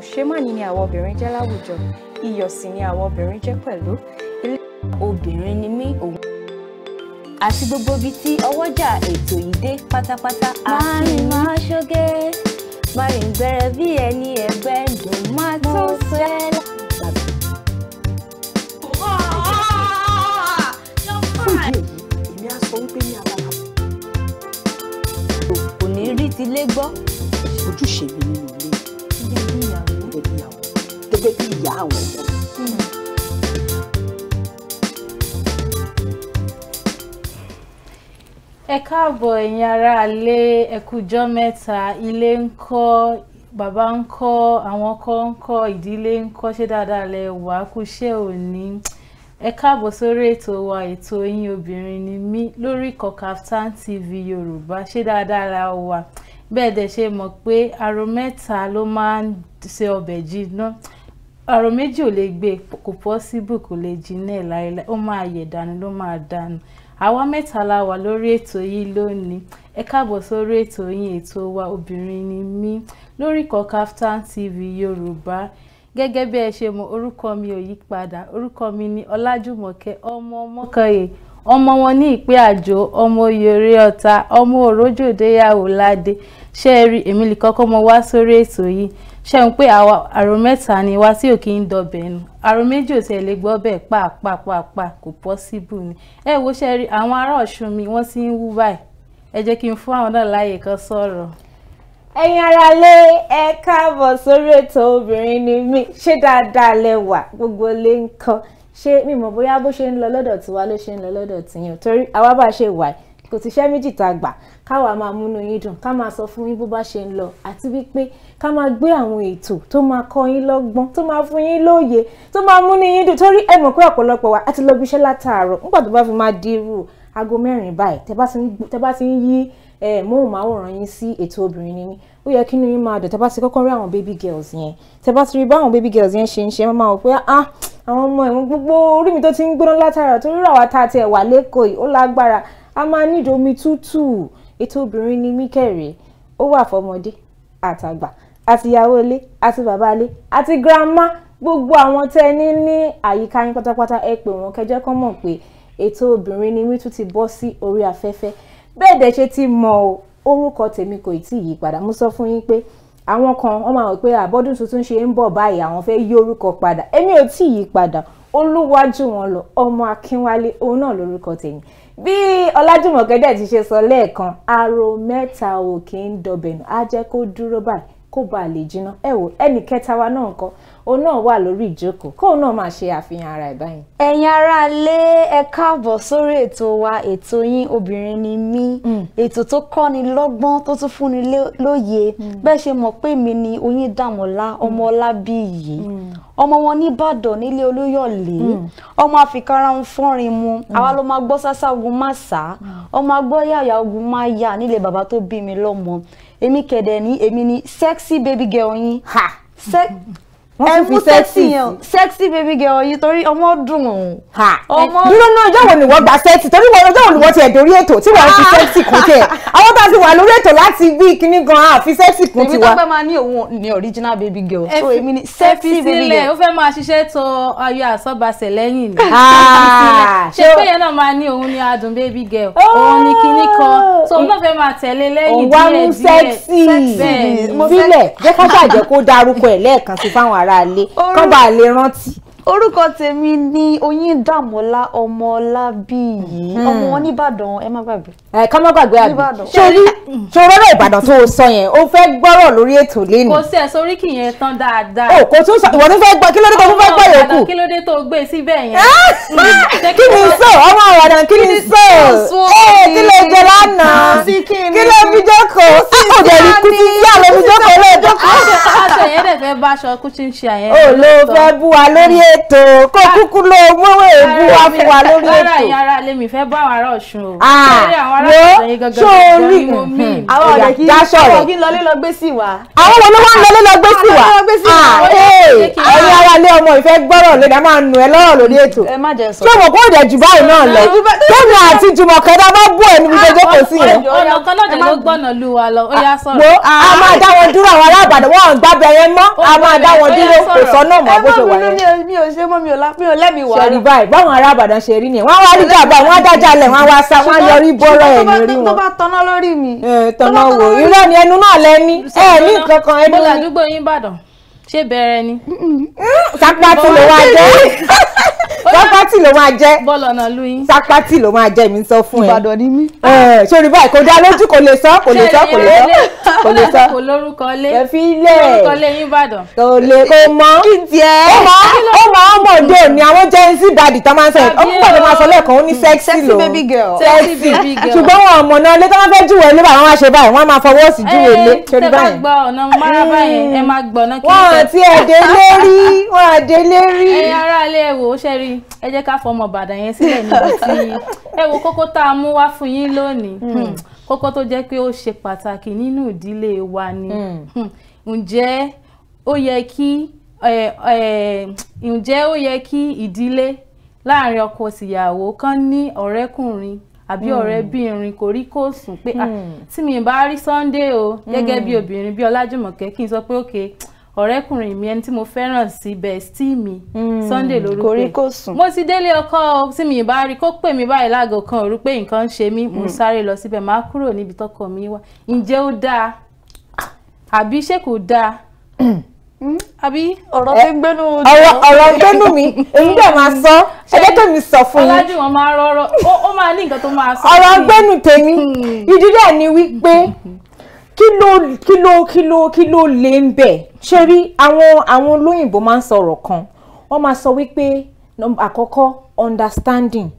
kò ṣe má ní ni àwọn obìnrin jẹ́ láwùjọ iyọ̀ sì ni àwọn obìnrin jẹ́ pẹ̀lú ilé obìnrin ni mí òun. àti gbogbo ibi tí ọwọ́jà ètò yìí dé pátápátá. máa rìn máa ṣoge máa rìn gbẹrẹ bí ẹni ẹgbẹ́ dùn máa tó sẹ́lá. ojúṣe mi nínú gẹ́gẹ́ bí ìyàwó gẹ́gẹ́ bí ìyá àwọn ọmọ mi. ẹ káàbọ̀ ẹ̀yin ará ilé ẹkújọ́ mẹ́ta ilé ń kọ́ bàbá ń kọ́ àwọn kan ń kọ́ ìdílé ń kọ́ ṣé dáadáa lẹ wà á kú ṣé ò ní ẹ káàbọ̀ sórí ètò wa ètò yín obìnrin ni mí lórí ikọ̀ TV Yorùbá ṣé dáadáa la wà bẹ́ẹ̀ dẹ̀ ṣe mọ̀ pé aro mẹ́ta ló máa ń se ọbẹ̀ jiná àrò méjì ò lè gbé kò pọ́síbù kò lè jiná ẹ̀ láéláé ó máa yẹ̀ dànù ló máa dànù àwa mẹ́ta la wà lórí ètò yìí lónìí ẹ káàbọ̀ sórí ètò yìí ètò wa obìnrin ni mí lórí kọ Kaftan TV Yorùbá gẹ́gẹ́ bí ẹ ṣe mi ò yí mi ni ọmọ ọmọ wọn ní ìpè àjò ọmọ oyèrè ọ̀tá ọmọ òrójòdéyàwó ládé ṣé ẹ rí èmi lè kọ́kọ́ mọ wá sórí ètò yìí ṣe ń pé àrò mẹ́ta ni wá tí ò kí ń dọbẹ̀ nù àrò méjì ò tẹ̀lé gbọ́ bẹ́ẹ̀ pàápàá kò pọ́síbù ni ẹ wo ṣe rí àwọn ará ọ̀ṣun mi wọ́n ti ń wú báyìí ẹ jẹ́ kí n fún àwọn náà láàyè kan sọ̀rọ̀. ẹ̀yin aráalé ẹ káàbọ̀ sórí ètò obìnrin ni mí ṣé dáadáa lẹ wà gbogbo lè ń ṣé mímọ̀ bóyá bó ṣe ń lọ lọ́dọ̀ tiwa ló ṣe ń lọ lọ́dọ̀ tiyín torí àwa bá ṣe wà kò tíṣẹ́ méjì tá a gbà káwa máa múnú yín dùn ká máa sọ fún yín bó bá ṣe ń lọ àti wípé ká máa gbé àwọn ètò tó máa kọ́ yín lọ́gbọ́n tó máa fún yín lóye tó máa múnú yín dùn torí ẹ mọ̀ pé ọ̀pọ̀lọpọ̀ wa àti lọ látàárọ̀ nígbà tó bá fi máa di aago mẹ́rin báyìí tẹ bá ti ń yí móhùnmáwòrán yín sí ètò obìnrin ni mí ó yẹ kí inú yín máa dùn tẹ́ bá ti kọ́kọ́ rí àwọn baby girls yẹn tẹ́ bá ti rí báwọn baby girls yẹn ṣe ń ṣe máa wò pé ah àwọn ọmọ ẹ̀wọ̀n gbogbo orí mi tó ti ń gbóná látara torí ràwá tá a tiẹ̀ wà lẹ́kọ̀ọ́ yìí ó lágbára a máa nídìí omi tútù ètò obìnrin ni mí kẹ̀rẹ̀ ó wà fọmọdé àtàgbà àti ìyàwó ilé àti bàbá ilé àti grandma gbogbo àwọn tẹ ní ní àyíká yín pátápátá ẹ pè wọn kẹjẹ kán mọ̀ pé ètò obìnrin ni mí ti bọ́ sí orí afẹ́fẹ́ bẹ́ẹ̀ dẹ̀ ṣe ti mọ̀ o orúkọ tèmi kò tí ì yí padà mo sọ fún yín pé àwọn kan wọ́n máa wọ pé àbọ́dún tuntun ṣe ń bọ̀ báyìí àwọn fẹ́ yí orúkọ padà èmi ò tí ì yí padà olúwájú wọn lọ ọmọ akínwálé òun náà lórúkọ tèmi bí ọlájùmọ̀kẹ́ ti ṣe sọ lẹ́ẹ̀kan aro mẹ́ta ò kì í á jẹ́ kó dúró báyìí kó bàa lè jiná ẹ wò ẹnì kẹta wa náà nǹkan òun náà wà lórí ìjókòó kóun náà máa ṣe àfihàn ara ẹ̀ báyìí. ẹ̀yin aráalé ẹ káàbọ̀ sórí ètò wa ètò yín obìnrin ni mí hmm. ètò tó kọ́ni lọ́gbọ́n tó tún fúnni lóye hmm. bẹ́ẹ̀ ṣe mọ̀ pé mi ni Oyíndàmọ́lá hmm. ọmọ Ọlábíyì ọmọ wọn nìbàdàn nílé Olúyọ̀lé ọmọ àfikàrà ń fọ́nrin mu àwa ló máa gbọ́ sásá ogun máa sá ọmọ agbọ́yàyà ogun máa yà nílé bàbá tó bí mi lọ́mọ Emi kẹ̀dẹ̀ ní èmi ní sexy baby girl yín ha ẹ mú sexy sexy baby girl yìí torí ọmọ dùn òun. ọmọ dúró náà ọjọ́ wo ni wọ́n gba sexy torí wọ́n ọjọ́ wo ni wọ́n ti ẹ̀dórí ètò tí wọ́n fi ah. sexy kún tiẹ̀ àwọn bá ti wà lórí ètò láti bí kíní gan a fi sexy kún tiwa. èmi tó fẹ́ máa ní òun ni original baby girl so èmi ni sexy baby girl. ó fẹ́ máa ṣiṣẹ́ tó ayọ̀ àsọ̀bàṣẹ̀ lẹ́yìn ni. Ah. ṣé pé yẹn náà máa ní òun ni adùn baby girl oh. òun ni kíní kan so òun náà fẹ́ máa tẹ̀lé lẹ́yìn díẹ̀ díẹ̀ aráalé kán bá lè rántí orúkọ tèmi ni Oyíndàmọ́lá Ọmọlábíyìí hmm. ọmọ wọn nìbàdàn ẹ má gbàgbé. ẹ ká má gbàgbé àbí sórí sọ̀rọ̀ ìbàdàn tó o sọ yẹn o fẹ́ gbọ́rọ̀ lórí ètò lẹ́nu. kò sí ẹ sórí kì yẹn tán dáadáa. o kò tún sọ ìwọ tó fẹ́ gbọ́ kí ló dé tó fẹ́ gbọ́ yòókù. kí ló dé tó gbé e síbẹ̀ yẹn. Ah! Hmm. kí ni sọ ọmọ ìbàdàn eh, ah, kí ni sọ kí ló jẹ lánàá kí ló fi jókòó sí ìdẹ̀rí kùtì sí àlọ́ fi jókòó a aṣọ ah! yẹn dẹ̀ fẹ́ bá aṣọ kú tí ń ṣe àyẹ̀wò. o ló fẹ́ bú wa lórí ètò kó ah! kúkú ló mọ́wé ah! bú wa fún wa lórí ètò. rárá ìyá ara lèmi fẹ́ bá àwọn ará ọ̀ṣun o. wo sórí àwọn hmm. ọ̀dẹ̀ kí ọ̀rọ̀ kí lọlé lọ gbé sí wa. àwọn wo ló wá ń lọlé lọ gbé sí wa. ẹ̀yin ara lé ọmọ ìfẹ́ gbọ́rọ̀ lórí a máa nù ẹ lọ́rọ̀ lórí ètò. ṣé mo kó ìdẹ̀ jù báyìí náà lọ tómi àti jùmọ̀kẹ́ dá bá bú ẹ̀ níbi tó jókòó sí yẹn. ọ̀nà kan náà dẹ̀ ló gbọ́nà lù wa lọ ó yá sọ̀rọ̀. wo a máa dá wọn dúró àwọn ará Ìbàdàn wọn gbàgbẹ yẹn mọ́ a máa dá wọn dúró kò sọ́nà mọ́ bó ṣe wà yẹn. mi ò ṣe mọ́ mi ò lá ò lẹ́mi wá. ṣẹ̀rí báyìí báwọn ará Ìbàdàn ṣe rí nìyẹn wọ́n wá rí jàmbá wọ́n dájà lẹ̀ wọ́n wá sá wọ́n á yọrí bọ́rọ̀ ẹ̀ lórí wọn. tó bá tọ́ná lórí mi. tọ́ná wo irọ́ ni ẹnu náà lẹ́ni ẹ̀ẹ́mí kankan ẹnu. mo làdúgbò yín Ìbàdàn ṣé bẹ̀rẹ̀ ni. sápátì ló máa jẹ́ sápátì ló máa jẹ́ bọ́ọ̀lù ọ̀nà lóyún sápátì ló máa jẹ́ mi sọ fún ẹ Ìbàdàn ni mí. sórí báyìí kò dá lójú kò lè sọ kò lè sọ kò lè sọ kò lè sọ kò lórúkọ lé ẹfí lé lórúkọ lé yín Ìbàdàn. kò lè kò mọ kí tiẹ̀ ó mọ ọmọ òde òní àwọn jẹ́ ń sí dàdí tó máa ń sọ yẹn ọmọ ìgbàdàn máa sọ lẹ́ẹ̀kan ó ní sẹ́ksì lòun sẹ́ksì ṣùgbọ́n wọn ọmọ náà lé tó máa fẹ́ júwèé lé bàbá wọn máa ṣe báyìí wọ́n máa fọwọ́ sí júwèé lé sórí báyìí. ẹ máa gbọ́ ọ̀nà ò tí ẹ wọn à dé lérí. ẹ̀yin aráalé ẹ wò ó ṣẹ́rí ẹ jẹ́ ká fọmọ Ìbàdàn yẹn sílẹ̀ níbi tí ẹ wo kókó tá a mú wá fún yín lónìí hmm. Hmm. kókó tó jẹ́ pé ó ṣe pàtàkì nínú ìdílé wa ni hmm. ǹjẹ́ ó yẹ kí ǹjẹ́ ó yẹ kí ìdílé láàrin ọkọ síyàwó kan ní ọ̀rẹ́kùnrin àbí ọ̀rẹ́bìnrin kò rí kò sùn pé ah, tí mi bá rí Sunday o gẹ́gẹ́ bí obìnrin bí Ọlájùmọ̀kẹ́ kí n sọ pé òkè ọ̀rẹ́kùnrin mi ẹni tí mo fẹ́ràn sí bestie mi hmm, Sunday lórúkọ koríkòsùn mo ti délé ọkọ tí mi bá rí kó pè mí báyìí láago kan òru pé nǹkan ń ṣe mí mo hmm. sáré lọ síbẹ̀ máa kúrò níbi tọkọ mi wá ǹjẹ́ ó dáa àbí ṣé kò dáa hmm? àbí ọ̀rọ̀ tó gbénú eh, ọ̀rọ̀ ọ̀rọ̀ gbénú mi èmi dẹ̀ máa sọ ẹgbẹ́ tó mi sọ fún yín ọlájú wọn máa rọrọ ó máa ní nǹkan tó máa sọ ọ̀rọ̀ gbénú tèmi ìdí dẹ̀ ni wípé kí ló kí ló kí ló kí ló lè ń bẹ̀ ṣe rí àwọn àwọn olóyìnbó máa ń sọ̀rọ̀ kan wọ́n máa sọ wípé àkọ́kọ́ understanding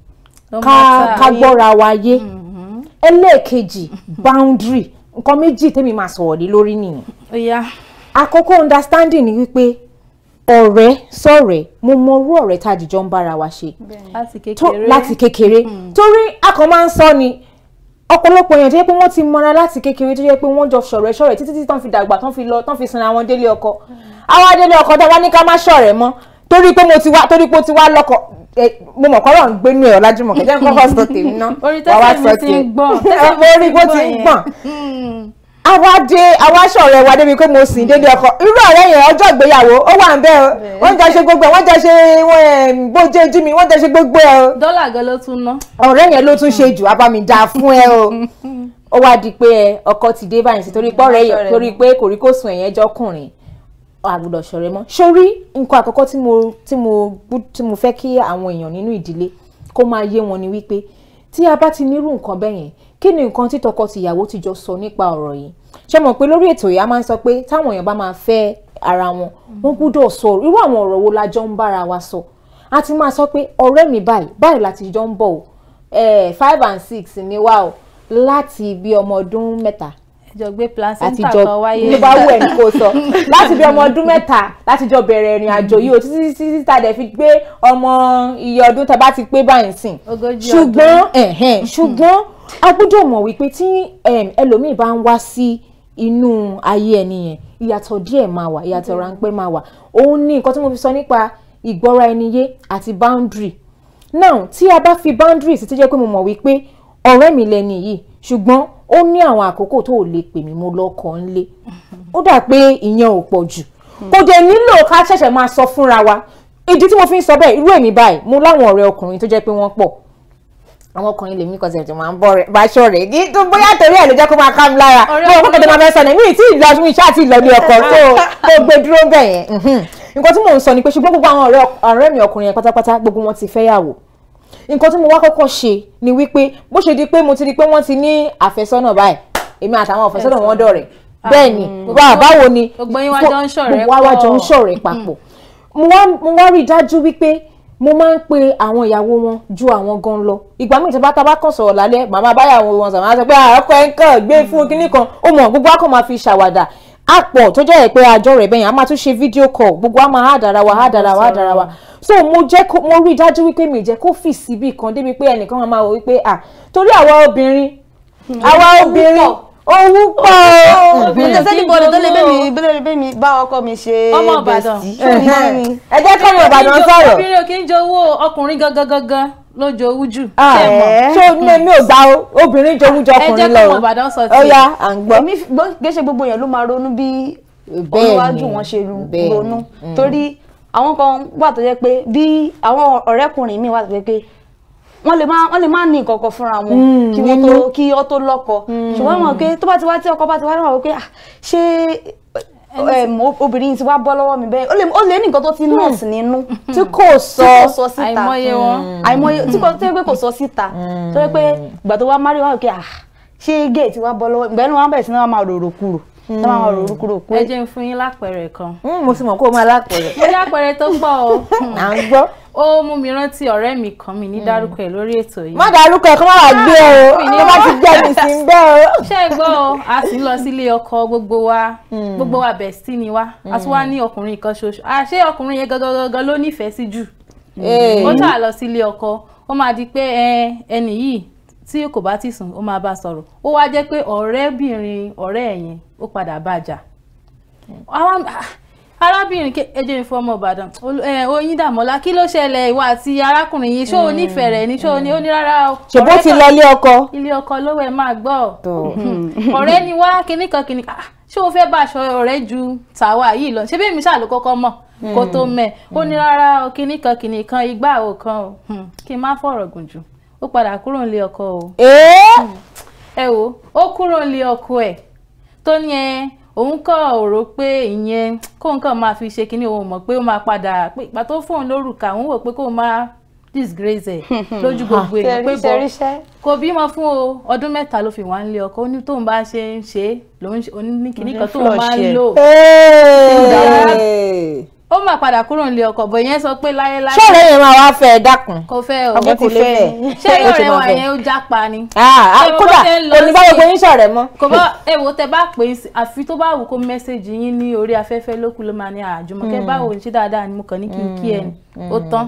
ká ká gbọ́ra wa yé mm-hmm. ẹlẹ́ẹ̀kejì boundary nǹkan méjì tẹ́mi máa sọ̀rọ̀ lé lórí nìyẹn. àkọ́kọ́ understanding ni wípé ọ̀rẹ́ sọ̀rẹ́ mo mọrú ọ̀rẹ́ tá a jìjọ ń bára wa ṣe láti kékeré mm. torí a kàn máa ń sọ ni ọ̀pọ̀lọpọ̀ èèyàn tó yẹ pé wọ́n ti mọra láti kékeré tó yẹ pé wọ́n jọ ṣọ̀rẹ́ ṣọ̀rẹ́ títí tí tán fi dàgbà tán fi lọ tán fi sinra wọn délé ọkọ hmm. àwa délé ọkọ tá a wá ní ká má ṣọ̀rẹ́ mọ́ torí pé mo ti wá torí pé o ti wá lọ́kọ mo mọ̀ kọ́rọ̀ ń gbénu ẹ̀ ọ̀làjúmọ̀ kẹ́jẹ́ ń kọ́kọ́ sọ tèmi ná wà wá sọ tèmi orí bó ti ń gbọ̀n àwa dé àwa ṣọ̀rẹ́ wa débi pé mo sìn dédé ọkọ irú ọ̀rẹ́ yẹn ọjọ́ ìgbéyàwó ó wà ń bẹ́ o wọ́n jọ ṣe gbogbo wọ́n jọ ṣe bójú ojú mi wọ́n jọ ṣe gbogbo ẹ dọ́là gan ló tún ná. ọ̀rẹ́ yẹn ló tún ṣe jù abami dáa fún ẹ o ó wá di pé ọkọ ti dé báyìí sí torí pé ọ̀rẹ́ yẹn torí pé kòríkòsùn ẹ̀yẹn jọkùnrin àgùdọ̀ ṣọ̀rẹ́ mọ́ sórí nǹkan àkọ́kọ́ tí mo tí mo tí mo fẹ́ kí àwọn èèyàn nínú ìdílé kó máa yé wọn ni wípé tí a bá ti nírú nǹkan bẹ́yẹn kí ni nǹkan tí tọkọ-tìyàwó ti jọ sọ nípa ọ̀rọ̀ yìí ṣé mọ̀ pé lórí ètò yìí a máa ń sọ pé táwọn èèyàn bá máa fẹ́ ara wọn wọ́n gbúdọ̀ sọ irú àwọn ọ̀rọ̀ wo la jọ ń bára wa sọ a ti máa sọ pé ọ̀rẹ́ mi báyìí báyìí láti jọ ń bọ̀ o five and six ni wá o láti bí ọmọ ọdún mẹ́ta àtijọ́ gbé placenta kan wáyé nígbà wo ẹni kò sọ láti bí ọmọ ọdún mẹ́ta láti jọ bẹ̀rẹ̀ ìrìn àjò yìí o títí títí tá a dẹ̀ fi gbé ọmọ iye ọdún tá a bá ti pé báyìí sìn ṣùgbọ́n ṣùgbọ́n a gbọ́dọ̀ mọ̀ wípé tí ẹlòmíì bá ń wá sí inú ayé ẹni yẹn ìyàtọ̀ díẹ̀ máa wà ìyàtọ̀ mm-hmm. ráńpẹ́ máa wà òun ní nǹkan tí mo fi sọ nípa ìgbọ́ra ẹni yé àti boundary now tí a bá fi boundaries ti jẹ́ pé mo mọ̀ wípé ọ̀rẹ́ mi lẹni yìí ṣùgbọ́n ó ní àwọn àkókò tó ò lè pè mí mo lọ́kọ̀ ńlé mm-hmm. ó dà pé ìyẹn ò pọ̀ jù mm-hmm. kò dẹ̀ nílò ká ṣẹ̀ṣẹ̀ máa sọ fúnra wa ìdí tí mo fi ń sọ bẹ́ẹ̀ irú èmi báyìí mo láwọn ọ̀rẹ́ ọkùnrin tó jẹ́ pé wọ́n pọ̀ àwọn ọkùnrin lèmi kọsẹ̀ tó máa ń bọ̀ rẹ̀ bá ṣọ̀rẹ̀ kí tó bóyá torí ẹ̀ ló jẹ́ kó máa ká mi lára mo rò kókò tó máa fẹ́ sọ ní mi tí ìlọ mi ṣáà ti lọ ní tó tó gbé dúró bẹ̀ yẹn nǹkan tí mò ń sọ ni pé ṣùgbọ́n gbogbo àwọn ọ̀rẹ́ mi ọkùnrin yẹn pátápátá gbogbo wọn ti fẹ́yàwó nǹkan tí mo wá kọ́kọ́ ṣe ni wípé bó ṣe di pé mo ti di pé wọ́n ti ní àfẹ́sọ́nà mo máa ń pe àwọn ìyàwó wọn ju àwọn gan lọ ìgbà míì tí bàtà bá kàn sọ̀rọ̀ lálẹ́ màmá báyàwó wọn sàmà sọ pé àkọ́ ah, ẹ̀ ń kàn gbé fún kinní kan ó mọ̀ gbogbo akọ̀ máa fi ṣàwàdà àpọ̀ tó jẹ́ pé àjọ rẹ̀ bẹ́yìn a máa tún ṣe fídíò call gbogbo a máa há dára wa há dára wa há wa so mo jẹ́ kó mo rí i dájú wípé mi jẹ́ kó fì síbì kan débi pé ẹnìkan máa wò wípé à ah, torí àwa obìnrin hmm. àwa obìnrin owó pọ̀ ọ́ sẹ́nibọ̀dì tó lè bẹ́mi bẹ́mi bẹ́mi bá ọkọ mi ṣe bẹ́sì ẹ jẹ́ kọ́ mi Ìbàdàn sọ̀rọ̀. obìnrin ò kí ń jowó ọkùnrin gangan gangan ló jowú jù. Ah, eh. ṣé o ní mi ò gba obìnrin jowú ju ọkùnrin lọ. ẹ jẹ́ kọ́ mi Ìbàdàn sọ sí i. ọ̀ya à ń gbọ́. èmi gẹ́sẹ̀ gbogbo yẹn ló máa ronú bí olúwájú wọn ṣe ronú mm. torí àwọn kan wà tó jẹ́ pé bí àwọn ọ̀rẹ́kùnrin mi wà tó jẹ́ pé wọ́n lè máa wọ́n lè máa ní nǹkan kan fúnra wọn hmm, kí wọ́n tó kí ọ tó lọ́kọ hmm. ṣùgbọ́n wọn pé tó bá ti wá tí ọkọ bá ti wá wọn pé ah, ṣé obìnrin ti wá bọ́ lọ́wọ́ mi bẹ́ẹ̀ ó lè ní nǹkan tó ti nọ́ọ̀sì hmm. nínú tí kò sọ síta àìmọye wọn àìmọye tí kò sọ síta tó yẹ pé ìgbà tó wá márí wọn pé ah, ṣé géètì wá bọ́ lọ́wọ́ ìgbà ẹni wọn bẹ̀rẹ̀ sí ní wọn máa ròrò kúrò tó máa wọn rúurú kúrò pé. ẹ jẹ́ n fún yín lápẹẹrẹ kan. mo sì mọ̀ kó o máa lápẹẹrẹ. mo lápẹẹrẹ tó pọ̀ o. à ń gbọ́. ó mú mi rántí ọ̀rẹ́ mi kan mi ní hmm. dárúkọ ẹ̀ lórí ètò yìí. má dárúkọ ẹ̀ kó má wàá gbé o kó má ti jẹ́ mi sí ń o. ṣé ẹ gbọ́ o a sì lọ sílé ọkọ gbogbo wa hmm. gbogbo wa bestie ni wa a tún wá hmm. ní ọkùnrin kan ṣoṣo àṣé ọkùnrin yẹn gangan gangan ló nífẹ̀ẹ́ sí jù. ó ṣáà lọ sílé ọkọ ó máa di pé ẹni yìí tí kò bá ti sùn ó máa bá sọ̀rọ̀ ó wá jẹ́ pé ọ̀rẹ́bìnrin ọ̀rẹ́ ẹ̀yìn ó padà bá jà arábìnrin ẹjẹ ní fọmọ ìbàdàn oyin dàmọ́lá kí ló ṣẹlẹ̀ ìwà àti arákùnrin yìí ṣó o hmm. nífẹ̀ẹ́ rẹ̀ ni ṣó o ní ó ní rárá o. ṣòbó ti lọ ilé ọkọ. ilé ọkọ lówó ẹ máa gbọ́ ọ̀rẹ́ ni wá kinní kan kinní kan ah, ṣé o fẹ́ bá aṣọ ọ̀rẹ́ ju tàwa yìí lọ ṣé bí èmi ṣáà ló kọ́kọ́ mọ̀ kó hmm. tó mẹ́ ó hmm. o kinní kan kinní kan igbá o kan o kí n má fọ̀rọ̀ gùn jù. o padà kúrò nílé ọkọ o. Hmm. ẹ wo ó kúrò nílé ọkọ ẹ tó ní ẹ òun kọ́ ọ̀rọ̀ pé ìyẹn kóun kàn máa fi ṣe kinní òun mọ̀ pé ó máa padà pé ìgbà tó fóun lórúkà òun wò pé kóun máa disgrace ẹ lójú gbogbo èèyàn pé bọ kò bímọ fún o ọdún mẹ́ta ló fi wá ń ọkọ ní tóun bá ṣe ń ṣe lòun ní kinní kan tóun máa ń lò. ó mà padà kúrò nílé ọkọ bọ̀ yẹn sọ pé láyéláyé. ṣé ọ̀rẹ́ yẹn máa wá fẹ́ ẹ dákun. kò fẹ́ o ọmọ ti fẹ́ ẹ. ṣé ọ̀rẹ́ wa yẹn ó jápa ni. Ah, ah, kódà oníbáyọ̀ pé yín ṣọ̀rẹ́ mọ́. kò bá èwo tẹ bá pè é àfi tó bá wù kó mẹ́sẹ̀gì yín ní orí afẹ́fẹ́ lókù ló máa ní àjùmọ̀kẹ́ mm. báwo ní ṣe dáadáa ni mo kàn ní kí n kí ẹ ní mm, ó mm, tán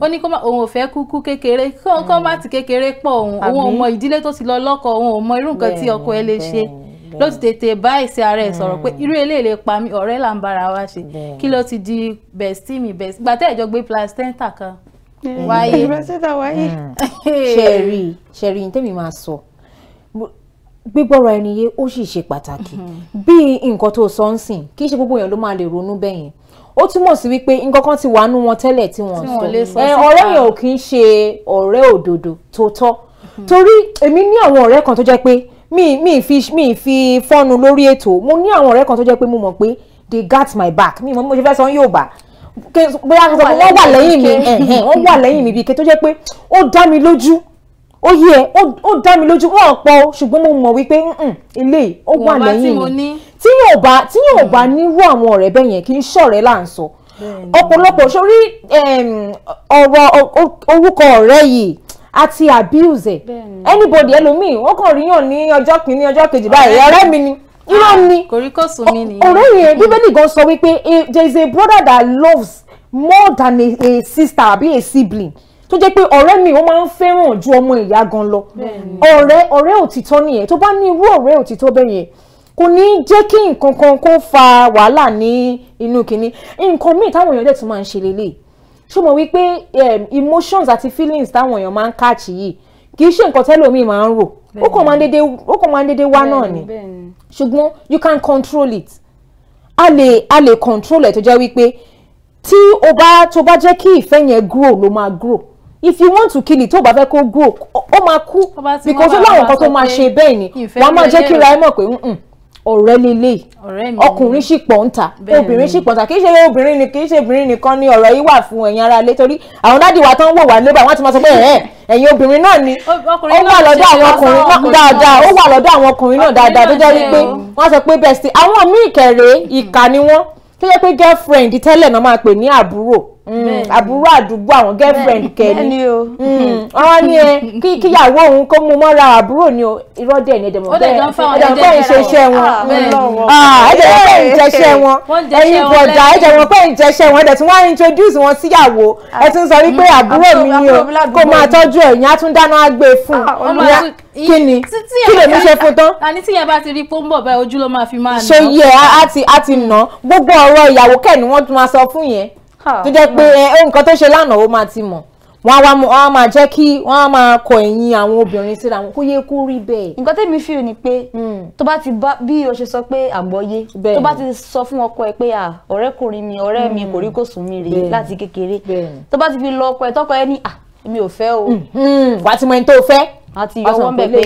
ó ní òun ò fẹ́ kúkú kékeré kó má ti kékeré pọ̀ òun òun ò mọ ìdílé tó ti lọ lọ́kọ òun ò mọ irú ló ti tètè bá ìsẹ ara ẹ sọ̀rọ̀ pé hmm. irú eléyìí lè pa mí ọ̀rẹ́ là ń bára wa ṣe kí ló ti di bẹ̀sí mi bẹ̀sí gbàtẹ́ ìjọ gbé placenta kan hmm. wáyé placenta wáyé. ṣẹ́ẹ̀rì ṣẹ́ẹ̀rì ní tèmi máa sọ gbígbọ́ra ẹni yé ó sì ṣe pàtàkì hmm. bí nǹkan tó sọ ń sìn kì í ṣe gbogbo èèyàn ló máa lè ronú bẹ́ẹ̀ yẹn ó túmọ̀ sí wípé nǹkan kan ti wà nú wọn tẹ́lẹ̀ tí wọ́n sọ ọ̀rẹ́ yẹn ò kì í ṣe ọ̀rẹ́ òdodo tó tọ́ torí èmi ní àwọn ọ̀rẹ́ kan tó jẹ́ pé mi mi fi mi fi fọ́nu lórí ètò mo ní àwọn ọ̀rẹ́ kan tó jẹ́ pé mo mọ̀ pé they got my back mi mo mo ṣe fẹ́ sọ ń yóò bá bóyá wọ́n wà lẹ́yìn mi wọ́n wà lẹ́yìn mi bíi ké tó jẹ́ pé ó dá mi lójú ó yẹ ó dá mi lójú wọn pọ̀ ṣùgbọ́n mo mọ̀ wípé eléyìí ó wà lẹ́yìn mi tí yóò bá tí yóò bá hmm. nírú àwọn ọ̀rẹ́ bẹ́ẹ̀ yẹn kì í ṣọ̀rẹ́ là ń sọ ọ̀pọ̀lọpọ̀ sórí ọ̀rọ̀ orúkọ ọ̀rẹ́ yìí àti abuse ẹ̀ anybody ẹlòmíì wọ́n kàn ríyàn ní ọjọ́ kìíní ọjọ́ kejì báyìí ọ̀rẹ́ mi ni irọ́ ah, ni ọ̀rẹ́ yẹn bíbélì gan sọ wípé eh, there is a brother that loves more than a, a sister àbí a sibling tó jẹ́ pé ọ̀rẹ́ mi ó máa ń fẹ́ràn ju ọmọ ìyá gan lọ ọ̀rẹ́ ọ̀rẹ́ òtítọ́ nìyẹn tó bá ní irú ọ̀rẹ́ òtítọ́ bẹ́ẹ̀ yẹn kò ní jẹ́ kí nǹkan kan kó fa wàhálà ní inú kínní nǹkan míì táwọn èèyàn dẹ̀ tún máa ń ṣe lélẹ́yìí So ṣó mọ̀ wípé emotions àti feelings táwọn èèyàn máa ń catch, yìí kì í ṣe nǹkan tẹ́lòmíì máa ń rò ó kàn máa ń dédé ó kàn máa ni ṣùgbọ́n you can control it a lè a lè control ẹ̀ tó jẹ́ wípé tí o bá to bá jẹ́ kí ìfẹ́ yẹn grow ló máa grow if you want to kill it tó bá fẹ́ kó grow ó máa kú because ó láwọn nǹkan tó máa ṣe bẹ́ẹ̀ ni wàá máa jẹ́ kí ra ẹ mọ̀ ọ̀rẹ́ lélẹ̀ ọkùnrin sì pọ̀ ń ta obìnrin sì pọ̀ ń ta kì í ṣe obìnrin ni kì í ṣe obìnrin nìkan ni ọ̀rọ̀ yìí wà fún ẹ̀yin ara lé torí àwọn dádì wa tó ń wò wá lébà wọ́n ti máa sọ pé ẹ̀ẹ́ ẹ̀yin obìnrin náà ni ó wà lọ́dọ̀ àwọn ọkùnrin náà dáadáa ó wà lọ́dọ̀ àwọn ọkùnrin náà dáadáa tó jẹ́ wípé wọ́n sọ pé bẹ́ẹ̀ sí àwọn míì kẹ̀rẹ́ ìkà ni wọ́n tó yẹ pé girlfriend tẹ́lẹ̀ náà máa pè ní àbúrò Mm, àbúrò àdúgbò àwọn girlfriend kẹ́ni mm, wọ́n ní ẹ eh, kí kíyàwó òun kó mú mọ́ra àbúrò ni irọ́ dẹ̀ ní ẹ̀dẹ̀mọ̀ bẹ́ẹ̀ ẹ̀dẹ̀mọ̀ pé ń ṣe iṣẹ́ wọn ah, ẹ̀dẹ̀mọ̀ mm. ah, pé ń jẹṣẹ́ wọn ẹ̀yin bọ̀dà ẹ̀dẹ̀mọ̀ pé ń jẹṣẹ́ wọn ẹ̀dẹ̀ tí wọ́n á introduce wọn síyàwó ẹ̀ tún sọ wípé àbúrò mi ni o kó máa tọ́jú ẹ̀yìn á tún dáná á gbé e fún un ah, kí ni kí lè mú ṣe fún tán. àní tí yẹn bá ti rí pọ́ńbọ̀ báyìí ojú ló máa fi máa ná. ṣé yẹ á ti ná gbogbo ọ̀rọ̀ ìyàwó kẹ́ni wọ́n tún máa sọ fún yẹn tó jẹ́ pé eh, nǹkan tó ṣe lánàá ó máa ti mọ̀ wọ́n á wọ́n á máa jẹ́ kí wọ́n á máa kọ ẹ̀yìn àwọn obìnrin síra wọn kó yẹ kó rí bẹ́ẹ̀. nǹkan tẹ́mi fi ni pé hmm. tó bá ti bá bí o ṣe sọ pé àgbọ́yé tó bá ti sọ fún ọkọ ẹ pé ọ̀rẹ́kùnrin mi ọ̀rẹ́ mi hmm. kò rí kò sùn mi rèé láti kékeré tó bá ti fi lọ ọkọ ẹ tọkọ ẹ ní à mi ò fẹ́ o. Hmm, wàá ti mọ ẹni tó fẹ́. àti ìyọwọ́ ń bẹ̀ pé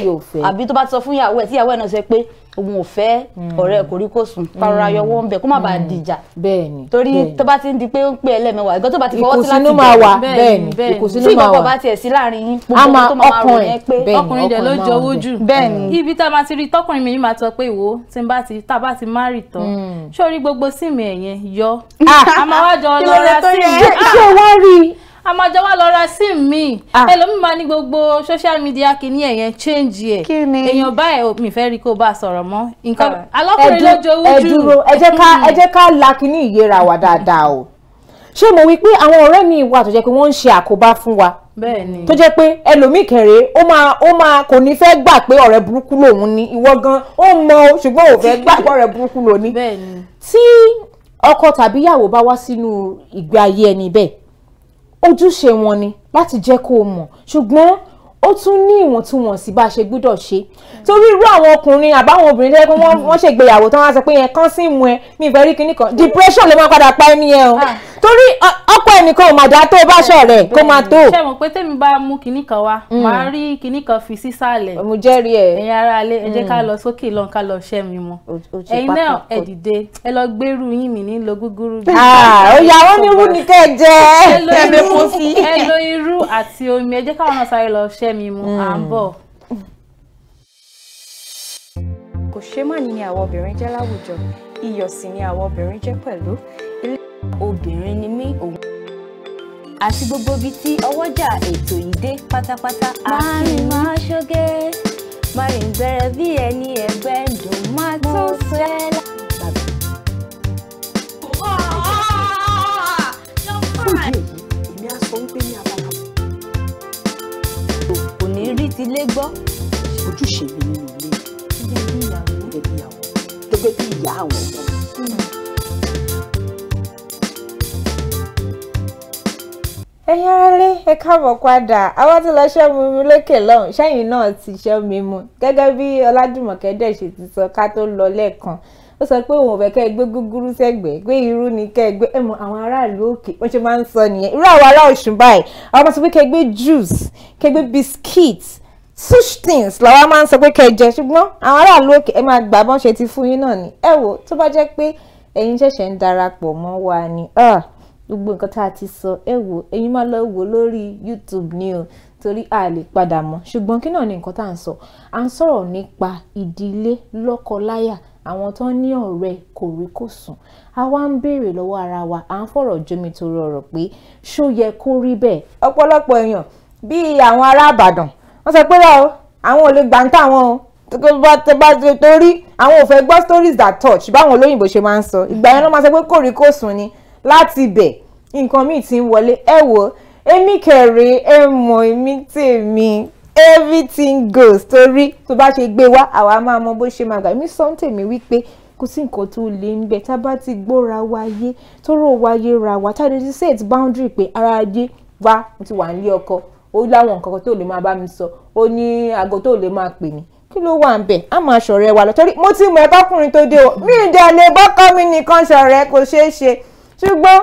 àbí tó bá ti sọ fún ìyàwó ẹ̀ tí ìyàwó ẹ̀ náà sọ pé òun ò fẹ́ hmm. ọ̀rẹ́ kòríkòsùn pàrọ̀ ayọ̀wọ́ hmm. ń bẹ̀ kó má bàa hmm. dìjà bẹ́ẹ̀ni torí tó bá ti ń di pé ó ń pè ẹlẹ́mẹ̀wá ìgbọ́n tó bá ti fọwọ́ sí láti bẹ̀rẹ̀ bẹ́ẹ̀ni ìkùnsínú máa wà tí ìgbọ́kọ̀ bá tiẹ̀ sí láàrin yín gbogbo tó máa rò yẹn pé ọkùnrin dẹ̀ ló jọ owó jù bẹ́ẹ̀ni ibi tá a máa ti rí tọkùnrin mi yìí máa tọ pé ìwo tí n bá ti tá a bá ti má rì tán sórí gbogbo síìmù ẹ̀yẹn yọ ah. a máa wá jọ lọ ra síìmù a máa jọ wá lọ ra sim mi ah. ẹlòmíì máa ní gbogbo social media kìíní ẹ̀yẹn change ẹ̀ èèyàn báyìí mi fẹ́ rí kó bá a sọ̀rọ̀ mọ́ nǹkan ah. alọ́kùnrin lójó ojú. ẹ dúró ẹ jẹ́ ká ẹ jẹ́ ká la kìíní ìyẹra wa dáadáa o ṣé mo wí pé àwọn ọ̀rẹ́ mi wà tó jẹ́ pé wọ́n ń ṣe àkóbá fún wa bẹ́ẹ̀ni tó jẹ́ pé ẹlòmíì kẹrẹ ó máa ó máa kò ní fẹ́ gbà pé ọ̀rẹ́ burúkú lòun ni ìwọ gan ó mọ ṣùgbọ́n ò fẹ́ gbà pé ọ̀rẹ́ burúkú lòun ni bẹ́ẹ̀ni tí ọkọ tàbí ìyàwó bá wá sínú ìgbé ayé ẹni bẹ́ẹ̀ ojúṣe wọn ni láti jẹ́ kó o mọ̀ ṣùgbọ́n ó tún ní ìwọ̀ntúnwọ̀nsì bá a ṣe gbúdọ̀ ṣe torí irú àwọn ọkùnrin àbáwọn obìnrin tẹ́lẹ̀ pé wọ́n ṣègbéyàwó tán wọ́n sọ pé yẹn kán sí mu ẹ mi ìfẹ́ rí kan depression ló máa padà pa ẹ̀mí ẹ o ah. torí ọ̀pọ̀ ẹnìkan ò mà dá tó bá ṣọ̀ rẹ̀ kó máa tó. ṣé mo pé tèmi bá mú kinní kan wá mm. màá rí kinní kan fi sísàlẹ̀. mo jẹ́rìí ẹ̀. ẹ̀yin ara alẹ́ ẹ jẹ́ ká mm. lọ sókè lọ ká lọ ṣẹ́ mi mọ́. ẹ̀yin náà ẹ dìde ẹ lọ gbẹ́rù yín mi ní lo gúgúrú. òyà ah, wọn ní irú ni kẹ́ ẹ lo irú àti omi ẹ jẹ́ káwọn náà sáré lọ ṣẹ́ mi mi mu mm. à ń bọ̀. kò ṣe má ní àwọn obìnrin jẹ́ láwùjọ iyọ̀ sì ni àwọn obìnrin jẹ́ pẹ̀lú ilé obìnrin ni mí òun àti gbogbo ibi tí ọwọ́jà ètò yìí dé pátápátá. márùn máa ṣoge márùn bẹ̀rẹ̀ bí ẹni ẹgbẹ́ ń dùn máa tó sẹ́lá. èmi á sọ wípé sí ilé gbọ́ ojúṣe mi nínú ilé gẹ́gẹ́ bí ìyàwó gẹ́gẹ́ bí ìyàwó gẹ́gẹ́ bí ìyá àwọn ọmọ. ẹ̀yin aráalé ẹ káàbọ̀ padà àwa ti lọ ṣẹ́ mu mi lókè lọ́hùn ṣẹ́yìn náà ti ṣẹ́ mi mu gẹ́gẹ́ bí ọlájùmọ̀kẹ́ dẹ̀ ṣe ti sọ ká tó lọ lẹ́ẹ̀kan ó sọ pé òun ò fẹ́ kẹ́ ẹ gbé gúgúrú sẹ́gbẹ̀ẹ́ gbé irú ni kẹ́ ẹ gbé ẹ mọ àwọn aráàlú òkè wọ́n ṣe máa ń sọ nìyẹn irú àwọn ará Ọ̀ṣun báyìí àwọn ọmọ sọ pé kẹ́ ẹ gbé juice kẹ́ ẹ gbé biscuits such things làwa máa ń sọ pé kẹjẹ ṣùgbọ́n àwọn aráàlú òkè ẹ máa gbà bọ́n ṣe ti fún yín náà ni ẹ wò tó bá jẹ́ pé ẹ̀yin ṣẹ̀ṣẹ̀ ń darapọ̀ mọ́ wa ni gbogbo nǹkan tá a ti sọ ẹ wò ẹ̀yin máa lọ wò lórí YouTube ni o torí a lè padà mọ́ ṣùgbọ́n kí náà ni nǹkan tá à ń sọ à ń sọ̀rọ̀ nípa ìdílé lọ́kọ-láyà àwọn tó ní ọ̀rẹ́ kòríkòsùn a wá ń béèrè lọ́wọ́ ara wa à ń fọ̀rọ̀ jomitoro ọ̀rọ̀ pé ṣó yẹ kó rí bẹ́ẹ̀ ọ̀pọ̀lọpọ̀ èèyàn bíi àwọn ará Ìbàdàn wọ́n sọ pé rà o àwọn ò lè gbà ń tà wọn o tó bá torí àwọn ò fẹ́ gbọ́ stories that touch báwọn olóyìnbó ṣe máa ń sọ ìgbà yẹn ló máa sọ pé kòríkòsùn ni láti ibẹ̀ nǹkan míì ti ń wọlé ẹ wò èmi kẹrè ẹ mọ̀ èmi tèmi everything goes torí tó bá ṣe gbé wá àwa máa mọ bó ṣe máa gbà mí sọ́ńtẹ̀ mi wípé kò sí nǹkan tó lè ń bẹ tá a bá ti gbóra wáyé tóró wáyé ra wa tá a lè ti set boundary pé ara ajé wa mo ti wà nílé ọkọ ó láwọn nǹkan kan tó lè máa bá mi sọ ó ní aago tó lè máa pè mí kí ló wà ń bẹ̀ á máa ṣọ̀rẹ́ wa lọ torí mo ti mọ ẹ bọ́kùnrin tó dé o mi ì dẹ̀ lè bọ́kọ́ mi nìkan ṣọ̀rẹ́ kò ṣeé ṣe ṣùgbọ́n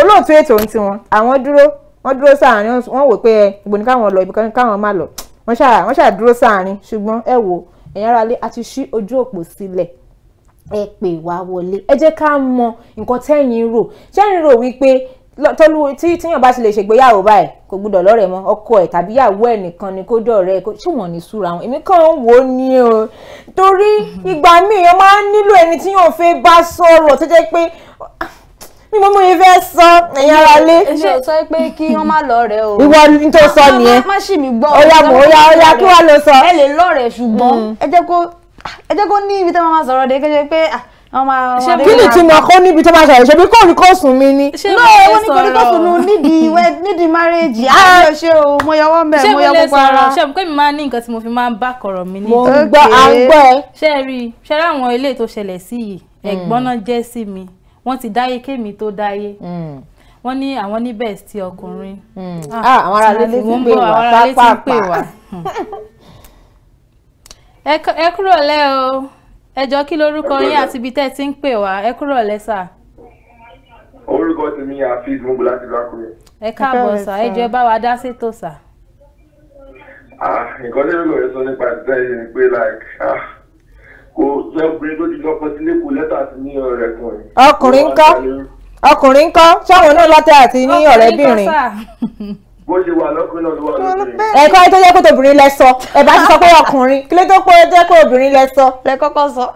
olóòtú ètò ń tiwọn àwọn dúró wọ́n dúró sáàárín wọ́n wò pé ìbò ní káwọn lọ ibìkan káwọn má lọ wọ́n ṣáà dúró sáàárín ṣùgbọ́n ẹ wo ẹ̀yin aráalé a ti ṣí ojú òpó sílẹ̀ ẹ pè wá wọlé ẹ jẹ́ ká mọ nǹkan tẹ́yìn rò ṣẹ́yìn rò wípé tolu tí tíyàn bá ti lè ṣègbéyàwó báyìí kò gbúdọ̀ lọ́rẹ̀ẹ́ mọ́ ọkọ ẹ̀ tàbí ìyàwó e nìkan ni kó dọ̀rẹ́ ẹ̀ ṣé wọ́n ní súra wọn èmi kàn ń wò o torí ìgbà míì èèyàn máa ń nílò ẹni tí yóò fẹ́ bá sọ̀rọ̀ tó jẹ́ mi mo mú yín fẹ́ sọ ẹ̀yin ara lé. èmi ò sọ pé kí wọ́n má lọ rẹ̀ o. ìwọ ní tó sọ nìyẹn má ṣì mí gbọ́ ọ̀yà mọ̀ ọ̀yà ọ̀yà kí wàá lọ sọ. ẹ lè lọ́rẹ̀ẹ́ ṣùgbọ́n mm. ẹ jẹ́ kó ní ibi tí wọ́n máa sọ̀rọ̀ dé kéde pé kí ni ìtumọ̀ kó níbi tó bá ṣàlẹ̀ ṣe bí kò ní kò sùn mí ni. no ewu ni kò ní kò sùn nù nídìí nídìí márẹ́jì ayọ̀ ṣe o mo yọwọ́ mẹ́ mo yọ gbogbo ara. ṣé mo pé mi máa ní nǹkan tí mo fi máa ń bá kọ̀rọ̀ mi ní. mo ń gbọ́ à ń gbọ́ ẹ. ṣé ẹ rí ṣe rí àwọn ilé tó ṣẹlẹ̀ sí yìí ẹ̀gbọ́n náà jẹ́ sí mi wọ́n ti dáyé kémi tó dáyé hmm. wọ́n ní àwọn ní bestie ọkùnrin. Hmm. Ah, ah, àwọn ará létí pé wà pápá ẹ kúrò lẹ́ o ẹ jọ kí lorúkọ yín àti ibi tẹ́ ẹ ti ń pè wá ẹ kúrò lẹ́sà. orúkọ tèmi àfíìs mú bùlá ti lákùrẹ́. ẹ káàbọ̀ sà ẹ jọ ẹ bá wa dá sí tò sà. nǹkan tí mo lè sọ nípa ìtẹ́ yìí ni pé kò lọ́kùnrin tó ti lọ́kọ sílé kò lẹ́tà sí ní ọ̀rẹ́ kan. ọkùnrin ńkọ́ ọkùnrin ńkọ́ ṣáwọn náà lọ́tẹ̀ àti ní ọ̀rẹ́bìnrin. ọkùnrin kọ́ sà. bó ṣe wà lọ́kùnrin náà ló wà lọ́kùnrin. ẹ̀kọ́ ẹ tó jẹ́ pé tóbìnrin lẹ sọ ẹ bá ti sọ pé ọkùnrin kí ló tó pé ó jẹ́ pé obìnrin lẹ sọ lẹ kọ́kọ́ sọ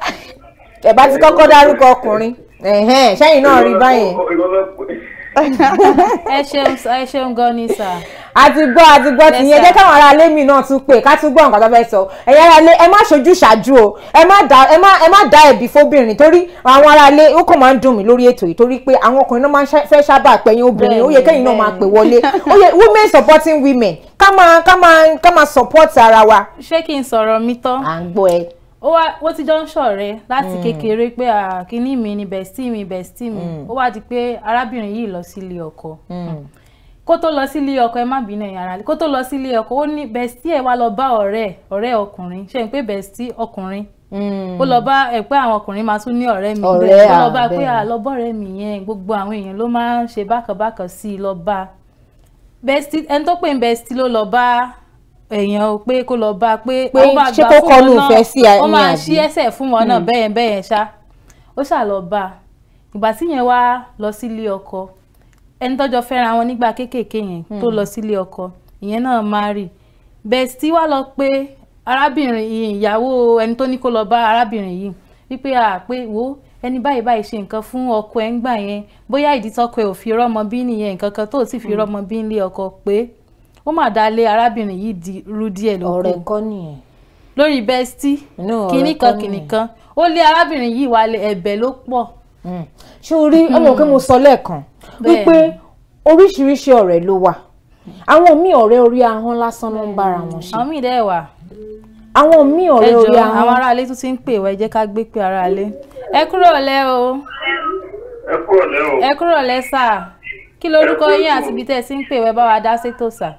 ẹ bá ti kọ́kọ́ dárúkọ ọkùnrin ṣẹ́yìn náà rí báyìí ẹ ṣeun ẹ ṣeun gan ni sà. àti gbọ́ àti gbọ́ tìyẹn jẹ́ káwọn aráalé mi náà tún pè ká tún gbọ́ nǹkan tó fẹ́ sọ ẹ̀yin aráalé ẹ má ṣojú ṣàjú o ẹ má dá ẹ má ẹ má dá ẹ̀bí fóbìnrin torí àwọn aráalé ó kàn máa ń dùn mí lórí ètò yìí torí pé àwọn ọkùnrin náà máa ń fẹ́ sábà pẹ̀yìn obìnrin ó yẹ kẹ́yìn náà máa pè wọlé ó yẹ women supporting women ká máa ká máa ká máa support ara wa. ṣé kí n sọ̀rọ̀ mi tán? à ń gbọ́ ẹ ó wá wọ́n ti jọ ń ṣọ̀rẹ́ láti hmm. kékeré pé kínní mi ni bẹ̀stì mi bẹ̀stì mi hmm. ó wá di pé arábìnrin yìí lọ sílé ọkọ hmm. kó tó lọ sílé ọkọ ẹ má bínú ẹ̀yin ará kó tó lọ sílé ọkọ ó ní bẹ̀stì ẹ̀ wá lọ bá ọ̀rẹ́ ọ̀rẹ́ ọkùnrin ṣe ń pé bẹ̀stì ọkùnrin ó lọ bá ẹ pé àwọn ọkùnrin máa tún ní ọ̀rẹ́ mi bẹ́ẹ̀ ó lọ bá pé àlọ́bọ̀rẹ́ mi yẹn gbogbo àwọn èèyàn ló máa ń ṣe bákanbákan sí i lọ bá bẹ̀stì ẹni tó pè ń bẹ̀stì ló lọ bá èèyàn o pé kó lọ bá pé pé ṣé kó kọnu ìfẹ́ sí àyè àbí wọ́n máa ṣí ẹsẹ̀ fún wọn náà hmm. bẹ́ẹ̀ bẹ́ẹ̀ ṣá ó ṣà lọ bá a ìgbà tí yẹn wá lọ sílé ọkọ ẹni tọ́jọ́ fẹ́ra wọn nígbà kéékèèké yẹn tó hmm. lọ sílé ọkọ ìyẹn náà máa rì bẹ́ẹ̀sì wá lọ pé arábìnrin yìí ìyàwó ẹni tó ní kó lọ bá arábìnrin yìí wípé à pé wo ẹni báyìí báyìí ṣe nǹkan fún ọkọ ẹ ń gbà yẹn bóyá ìdí tọkọ ẹ ò fi rọmọ bí nìyẹn nǹkan kan tó sì fi hmm. rọmọ bí nílé ọkọ pé ó mà dá lé arábìnrin yìí di rú díẹ̀ lóko ọ̀rẹ́ kọ́ nìyẹn lórí bẹ́stì kìnnìkan kìnnìkan ó lé arábìnrin yìí wálé ẹ̀bẹ̀ ló pọ̀. Mm. ṣé o rí mm-hmm. ọmọ òkè mo sọ lẹ́ẹ̀kan wípé oríṣiríṣi ọ̀rẹ́ ló wà àwọn míì ọ̀rẹ́ orí ahọ́n lásán ló ń bára wọn ṣe. àwọn míì dẹ́ wà àwọn míì ọ̀rẹ́ orí ahọ́n. àwọn aráalé tún ti ń pè wá ẹ jẹ́ ká gbé pé aráalé. ẹ kúrò lẹ́ o. ẹ kúrò lẹ́ o. ẹ kúrò lẹ́ sà. kí lorúkọ yín àti ibi tẹ́ ẹ ti ń pè wá bá wa dá sétò sà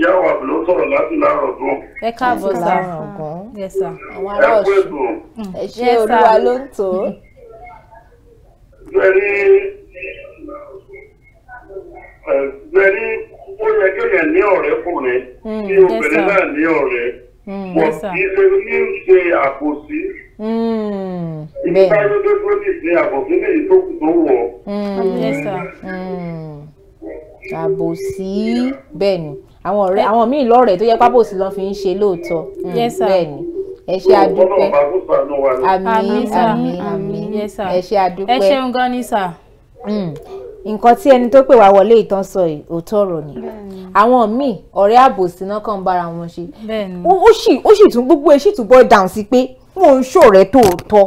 ìyá wa ló sọ̀rọ̀ láti láàárọ̀ gan. ẹ káàbọ̀ sá yes sir àwọn ará ọ̀ṣun mm. ẹ ṣé olúwa ló ń tò ó. very very ó yẹ kí èèyàn ní ọ̀rẹ́kùnrin mm, kí obìnrin náà ní ọ̀rẹ́ wọ́n mm, kì í ṣe ní ṣe àkòsí ibi táyé tó tó ní ìsìn àbòsí ní èyí tó kù tó wọ̀. àbòsí bẹ́ẹ̀ ni àwọn ọ̀rẹ́ àwọn míì lọ́rẹ̀ẹ́ tó yẹ pápò sí lọ́n fi ń ṣe lóòótọ́ mm, bẹ́ẹ̀ ni ẹ ṣe àdúpẹ́ àmín àmín àmín ẹ ṣe àdúpẹ́ ẹ ṣeun gan ni sà mm. nǹkan tí ẹni tó pè wá wọlé ìtàn sọ yìí òótọ́ ọ̀rọ̀ ni àwọn míì ọ̀rẹ́ àbòsí náà kàn ń bára wọn ṣe ó sì ó sì tún gbogbo ẹ̀ sì tún boil down sí pé mò ń ṣọ̀rẹ́ tòótọ́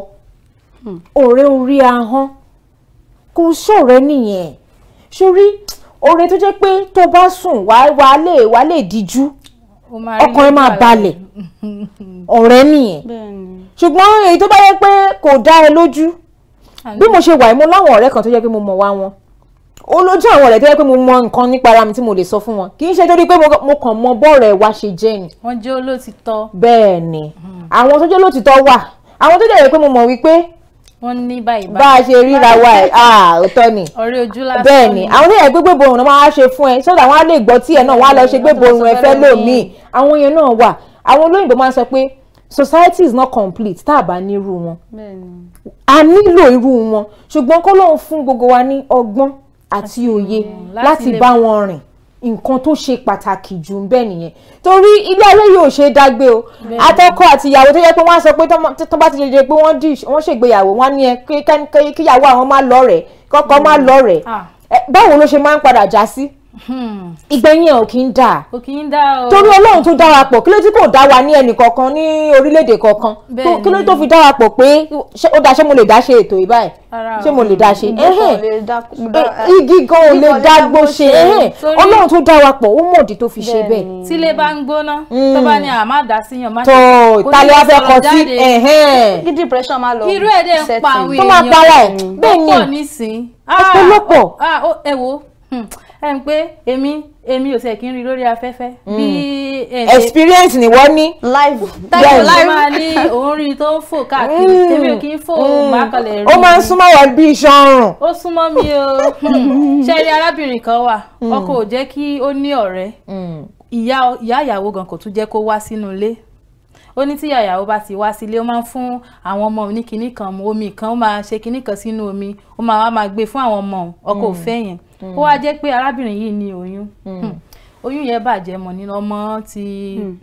hmm. ọ̀rẹ́ orí ahọ́n kò ṣọ̀rẹ́ nìyẹn sórí oore tó jẹ́ pé tó bá sùn wàá lè wàá lè díjú ọkàn ẹ máa balẹ̀ ọ̀rẹ́ nìyẹn ṣùgbọ́n èyí tó bá yẹ pé kò dá ẹ lójú bí mo ṣe wà yìí mo láwọn ọ̀rẹ́ kan tó yẹ pé mo mọ̀ wá wọn ó lójú àwọn ọ̀rẹ́ tó yẹ pé mo mọ nǹkan nípa ara mi tí mo lè sọ fún wọn kì í ṣe torí pé mo kàn mọ bọ́ọ̀rọ̀ ẹ̀ wá ṣe jẹ́ ni. wọ́n jẹ́ olóòtítọ́. bẹ́ẹ̀ ni hmm. àwọn tó jẹ́ olóòtítọ́ wà àwọn tó jẹ́ pé mo mọ̀ wípé wọ́n ní báyìí bá a ṣe ríra wa ẹ̀ ọ̀tọ̀ ah, ni bẹ́ẹ̀ ni àwọn oníyẹn gbégbé borun náà wọ́n á ṣe fún ẹ that àwọn á lè gbọ́ tí ẹ náà wọ́n á lọ ṣe gbé borun ẹ fẹ́ lómìn àwọn yẹn náà wà àwọn olóyìnbó máa ń sọ pé society is not complete tá a bá ní irú wọn a nílò irú wọn ṣùgbọ́n kọ́ lóun fún gbogbo wa ní ọgbọ́n àti òye láti bá wọn rìn nǹkan tó ṣe pàtàkì jù ń bẹ́ẹ̀ nìyẹn torí ilé ayé yóò ṣe dágbé o àtọkọ àti ìyàwó tó yẹ pé wọ́n á sọ pé tó bá ti lè dé pé wọ́n dì wọ́n ṣègbéyàwó wọ́n á ní ẹ kíyàwó àwọn máa lọ rẹ̀ kọ́kọ́ máa lọ rẹ̀ ah. báwo ló ṣe máa ń padà já sí ìgbẹ̀yìn ẹ̀ ò kí ń dà ò kí ń dà o torí ọlọ́run tó dá wa pọ̀ kí ló tí kò dá wa ní ẹnì kankan ní orílẹ̀-èdè kankan kí ló tó fi dá wa pọ̀ pé ó dá ṣé mo lè dá ṣe ètò yìí báyìí ṣé mo lè dá ṣe e, igi gan ò lè dá gbó ṣe ọlọ́run tó dá wa pọ̀ ó mọ̀dí tó fi ṣe bẹ́ẹ̀. tílé bá ń gbóná tó mm. bá ní àmà dá síyàn má ṣe kò ní sọ̀rọ̀ jáde kí depression má lọ irú ẹ̀ dẹ̀ ń pa àwọn èèyàn tó máa para ẹ̀ bẹ́ẹ̀ ẹ̀ ń pé èmi èmi ò sẹ̀ kí n rí lórí afẹ́fẹ́. Mm. bí experience ni wọ́n ní. live táyọ̀ live máa ní òun rí tó ń fò káàkiri mm. èmi kí ń fò mm. mákàlẹ̀ rí. ó máa ń súnmọ́ wa bí iṣan ọrùn. ó súnmọ́ mi o ṣe ni arábìnrin kan wà ọkọ ò jẹ́ kí ó ní ọ̀rẹ́ ìyá ìyàwó gan kò tún jẹ́ kó wá sínú ilé ó ní tí yàyàwó bá ti wá sílé ó máa ń fún àwọn ọmọ òun ní kinní kan omi kan ó máa ṣe kinní kan sínú omi ó máa wá máa gbé fún àwọn ọmọ òun ọkọ òfẹ́ hmm. yẹn hmm. ó wá jẹ́ pé arábìnrin yìí ní oyún hmm. oyún yẹn bàjẹ́ mọ́ nínú ọmọ ti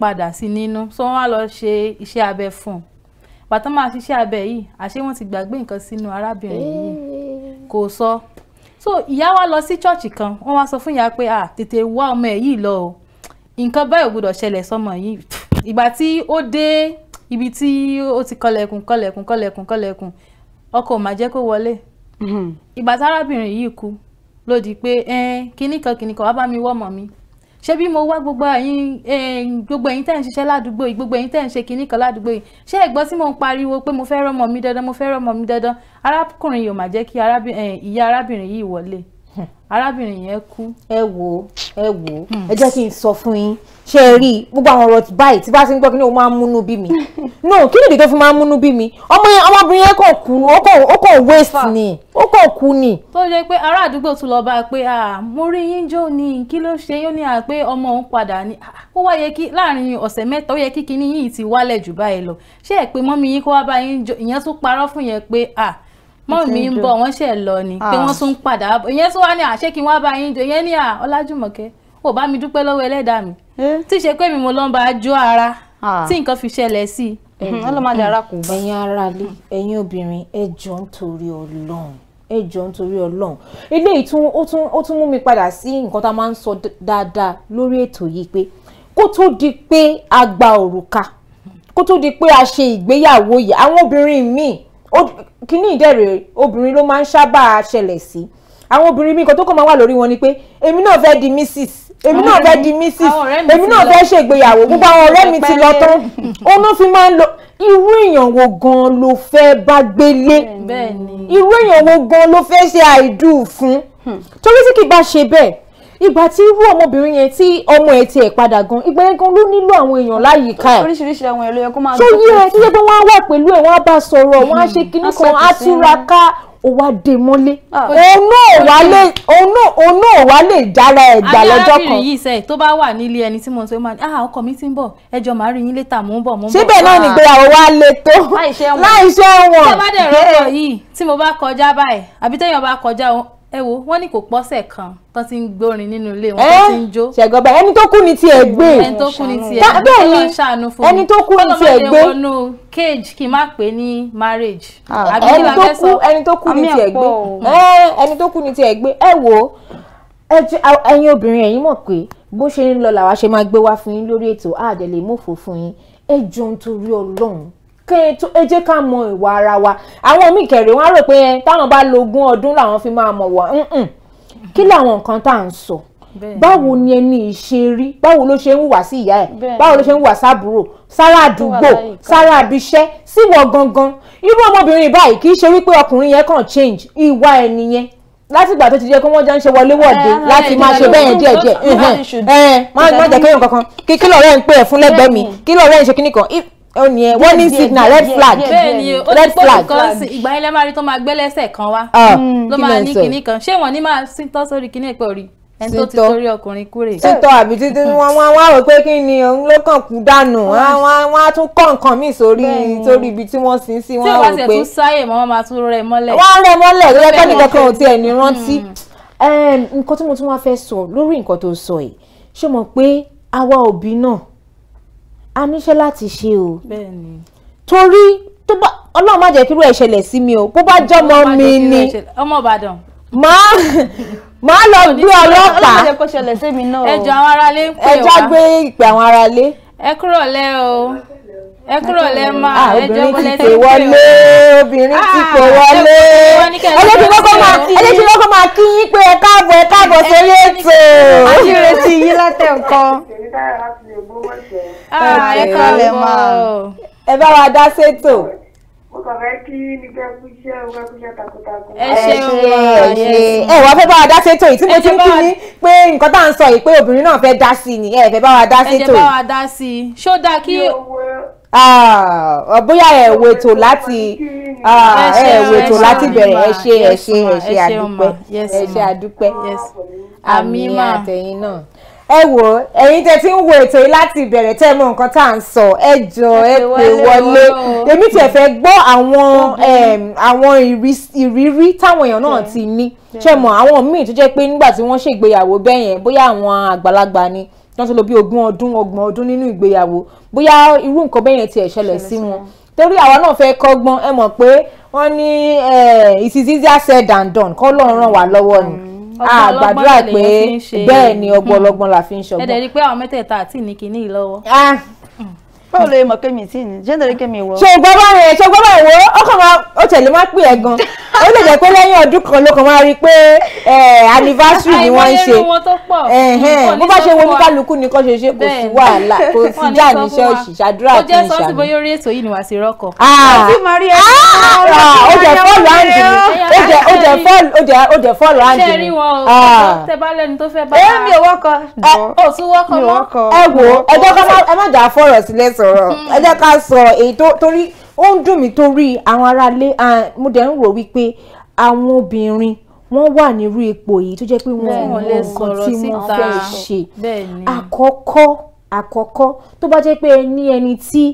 padà sí nínú so wọ́n á lọ ṣe iṣẹ́ abẹ fún un bàtán máa ṣiṣẹ́ abẹ yìí àṣé wọ́n ti gbàgbé nǹkan sínú arábìnrin yìí kò sọ so ìyá wa lọ sí ṣọ́ọ̀ṣì kan wọ́n wá sọ fún ìyá pé ah tètè wá ọmọ ẹ̀ yìí lọ o nǹkan báyìí gbọdọ̀ ṣẹlẹ̀ sọmọ yìí ìgbà tí ó dé ibi tí ó ti kọlẹ̀kùn kọlẹ̀kùn kọlẹ̀kùn kọlẹ̀kùn ọkọ ò mà jẹ́ kó wọlé mhm. ìgbà tárábìnrin yìí kú ló di pé kinní kan kinní kan wá bá mi wọ́mọ̀ mi ṣé bí mo wá gbogbo ẹ̀yin gbogbo ẹ̀yin tẹ́ ń ṣiṣẹ́ ládùúgbò yìí gbogbo ẹ̀yin tẹ́ ń ṣe kinní kan ládùúgbò yìí ṣé ẹ̀gbọ́n tí mò ń pariwo pé mo fẹ́ rọ́mọ mi dandan mo fẹ́ rọ́mọ mi dandan arákùnrin yìí ò mà jẹ́ kí ìyá arábìnrin yìí wọlé arábìnrin yẹn kú. ẹ wo ẹ wo. Hmm. ẹ jẹ́ kí n sọ fún yín ṣe é rí gbogbo àwọn ọ̀rọ̀ báyìí tí bá ti ń gbọ́ kí ni o máa ń múnú bí mi no kí nìdí tó fi máa ń múnú bí mi ọmọ yẹn ọmọbìnrin yẹn kàn kú ó kàn ó kàn waste ni ó kàn kú ni. tó jẹ́ pé ará àdúgbò tún lọ bá a pé mo rí yín jó ni kí ló ṣe yín ó à pé ọmọ òun padà ni ó wá yẹ kí láàrin ọ̀sẹ̀ mẹ́ta ó yẹ kí kinní yìí ti wálẹ̀ jù báyìí lọ ṣé ẹ̀ pé mọ́mí yín kó wá bá yín jó ìyẹn tún parọ́ fún yẹn pé ah mọ́ mi ń bọ̀ wọ́n ṣẹ̀ lọ ni pé ah. wọ́n tún padà bọ̀ ìyẹn tó wá ní àṣé kí wọ́n bá yín jọ ìyẹn ní à Ọlájùmọ̀kẹ́ ò bá mi dúpẹ́ lọ́wọ́ ẹlẹ́dàá mi eh? tí ṣe pé mi mo lọ́n bá jó ara ah. tí nǹkan fi ṣẹlẹ̀ sí i. Mhm, ọlọ́mọdé arákùnrin mm-hmm. ẹ̀yin aráalé ẹ̀yin obìnrin ẹ jọ nítorí Ọlọ́run ẹ jọ nítorí Ọlọ́run ilé ìtún ó tún mú mi padà sí nǹkan tá a máa ń sọ dáadáa lórí ètò yìí pé kó tó di pé a gba òrùka kó tó di pé a ṣe ìgbéyàwó yìí àwọn obìnrin míì kíní ìdẹ̀rẹ̀ obìnrin ló máa ń sábà ṣẹlẹ̀ sí àwọn obìnrin mi kan tó kàn máa wà lórí wọn ni pé èmi náà fẹ́ di mrs èmi náà fẹ́ di mrs èmi náà fẹ́ ṣègbéyàwó gbogbo àwọn ọ̀rẹ́ mi ti lọ tán òun fi máa ń lọ irú èèyàn wo gan ló fẹ́ bá gbélé irú èèyàn wo gan ló fẹ́ ṣe àìdù fún hmm. torí tí kì bá ṣe bẹ́ẹ̀ ìgbà tí irú ọmọbìnrin yẹn tí ọmọ ẹ̀ tiẹ̀ padà gan ìgbà yẹn gan ló nílò àwọn èèyàn láyìíká ẹ̀. oríṣiríṣi àwọn èèyàn ló yẹ kó máa. tó yẹ ẹ tó yẹ pé wọ́n á wà pẹ̀lú ẹ̀ wọ́n á bá sọ̀rọ̀ wọ́n á ṣe mm-hmm. kinní kan á túraká ó wá dé mọ́lé ah, òun náà wá lè jára ẹ̀ gbà lọ́jọ́ kan. arábìnrin yìí sẹ́yìn tó bá wà nílé ẹni tí mo sọ máa ní ah ọkọ mi ti ń bọ̀ ẹjọ́ màá rí yín létà mò ń bọ̀ mò ń bọ̀. síbẹ̀ náà nìgbéyàwó ah. wa le tó láìṣẹ́ wọn. tí a bá dẹ̀ rọ́pò yìí tí mo bá kọjá báyìí àbí téèyàn bá kọjá ẹ wo wọn ní kò pọ́sẹ̀ kan tó ti ń gbórin nínú ilé wọn tó ti ń jó. ṣègbọ́bà ẹni tó kú ni tiẹ̀ gbé ẹni tó kú ni tiẹ̀ gbé ọlọ́run ṣàánú fún mi ẹni tó kú ni tiẹ̀ gbé ọlọ́run wọnú cage ah, kí n má pè ní marriage. ẹni tó kú ẹni tó kú ni tiẹ̀ gbé ẹni tó kú ni tiẹ̀ gbé ẹ wo ẹ̀yin obìnrin ẹ̀yin mọ̀ pé bó ṣe ń lọ làwa ṣe máa gbé wá fún yín lórí ètò àdẹ̀lẹ̀ mọ́fọ́ fún yín ẹ jọun torí ọlọ́run ẹ jẹ́ ká mọ ìwà ara wa àwọn míì kẹ̀rẹ̀ wọ́n á rò pé táwọn bá lo ogún ọdún làwọn fi máa mọ̀ wọ́n kí làwọn nǹkan tá à ń sọ báwo ni ẹni ìṣe rí báwo ló ṣe ń hùwà sí ìyá ẹ̀ báwo ló ṣe ń hùwà sábúrò sára àdúgbò sára abiṣẹ́ síwọ gangan irú ọmọbìnrin báyìí kì í ṣe wípé ọkùnrin yẹn kàn change ìwà ẹni yẹn látìgbà tó ti jẹ́ kó wọ́n jọ ń ṣe wọléwọ̀de eh, láti máa ṣe eh, bẹ́ẹ̀ eh, díẹ̀ díẹ̀ má jẹ́ kéèyàn kankan kí kí lọ́ọ̀rẹ́ ń pè é fún lẹ́gbẹ̀ẹ́ mi kí lọ́ọ̀rẹ́ ń ṣe kíní ó ní ẹ warning signal red flag red flag ìgbà yẹn lẹ́ máa rí tó máa gbẹ́lẹ́sẹ̀ kan wá ah, ló máa ní kinní kan ṣé wọ́n ní máa síntọ́ sórí kinní ìpẹ́ orí ẹni tó ti torí ọkùnrin kúrè. títọ́ àbí títí wọn wọn wá rò pé kí ni òun ló kàn kú dànù wọn á tún kọ́ nǹkan míì sórí sórí ibi tí wọ́n sin sí wọn rò pé. tí wọ́n ti tún sáyè mọ́ wọ́n máa tún rẹ mọ́lẹ̀. wọ́n rẹ mọ́lẹ̀ lórí ẹgbẹ́ nìkan kan ò tiẹ̀ ní rántí. Hmm. nǹkan tí mo tún wá fẹ́ sọ lórí nǹkan tó sọ yìí ṣé mo pé àwa òbí náà a níṣẹ́ láti ṣe o torí tó bá ọlọ́run má jẹ́ kí irú ẹ̀ ṣẹlẹ̀ sí mi o bó bá jọmọ mi ni ọmọ ìbàdàn máa máa lọ gbé ọlọ́pàá ẹjọ́ àwọn aráalé ń pè wá ẹjọ́ gbé ìpè àwọn aráalé ẹ kúrò lẹ́ o ẹ kúrò lẹ máa ah, ẹjọ́ wọlé ti pè ah, wọlé obìnrin ti pè wọlé ẹlẹ́tì lọ́kọ́ máa kí yín pé ẹ káàbọ̀ ẹ káàbọ̀ sórí ètò àṣírètí ah, yín látẹ̀ nǹkan. ẹ kúrò lẹ máa ẹ bá wa dá sétò mo kàn fẹ́ kí nígbà kúṣẹ́ ọgbà kúṣẹ́ takuntakun. ẹ ṣe ẹ ṣe ẹ wàá fẹ́ bá wa dá sétò yìí tí mo ti ń kí ni pé nǹkan tá à ń sọ yìí pé obìnrin náà fẹ́ dá sí ni ẹ fẹ́ bá wa dá sétò yìí. ẹ jẹ́ bá wa dá sí i ṣó dáa kí. Ah, bóyá ẹ wètò láti ah, ẹ wètò láti bẹ̀rẹ̀ ẹ ṣe ẹ ṣe ẹ ṣe àdúpẹ́ ẹ ṣe àdúpẹ́ àmì àtẹ̀yìn náà. ẹ wò ẹ̀yin tẹ́ ti ń wo ètò yìí láti ìbẹ̀rẹ̀ tẹ́ mọ̀ nǹkan tá à ń sọ ẹ jọ ẹ pè wọlé èmi tiẹ̀ fẹ́ gbọ́ àwọn àwọn ìrírí táwọn èèyàn náà ti ní ṣe mọ̀ àwọn míì tó jẹ́ pé nígbà tí wọ́n ṣègbéyàwó bẹ́yẹn bóyá àwọn àgbàlagbà ni tó ń lò bí ogún ọdún ọgbọ̀n ọdún nínú ìgbéyàwó bóyá irú nǹkan bẹ́ẹ̀ ti ẹ̀ ṣẹlẹ̀ sí wọn torí àwa náà fẹ́ kọ́gbọ́n ẹ mọ̀ pé wọ́n ní eh, it is easier said than done kọ́ lọ́run ràn wá lọ́wọ́ ni àgbàdúrà mm. pé bẹ́ẹ̀ ni ọgbọ́n ọlọ́gbọ́n la fi ń ṣọgbọ́n. ẹ dẹ̀ rí pé àwọn mẹ́tẹ̀ẹ̀ta àti ìníkíní lọ́wọ́. Ah, báwo ló yẹ tí ni jẹ́ndọ̀rí wọ. ṣe ìgbọ́ bá ọkàn ma ó tẹ̀lé pè gan ó lè jẹ́ pé lẹ́yìn ọdún kan ló kàn máa eh, ni wọ́n ń ṣe bó bá ṣe wo ní kálukú ni ṣe ṣe kò sí wàhálà kò sí já ṣàdúrà kì í ṣàmì. ó jẹ́ sọ́ọ́sì bóyá orí ètò yìí ni sí rọ́kọ̀. Ah! Ah! ó fọ́ọ̀lù o ah! sọ̀rọ̀ hmm. ẹ jẹ́ ká sọ èyí tó torí ó ń dùn mí torí àwọn aráalé mo dẹ̀ ń wò wípé àwọn obìnrin wọ́n wà nírú ipò yìí tó jẹ́ pé wọ́n mọ nǹkan tí wọ́n fẹ́ ṣe àkọ́kọ́ àkọ́kọ́ tó bá jẹ́ pé ní ẹni tí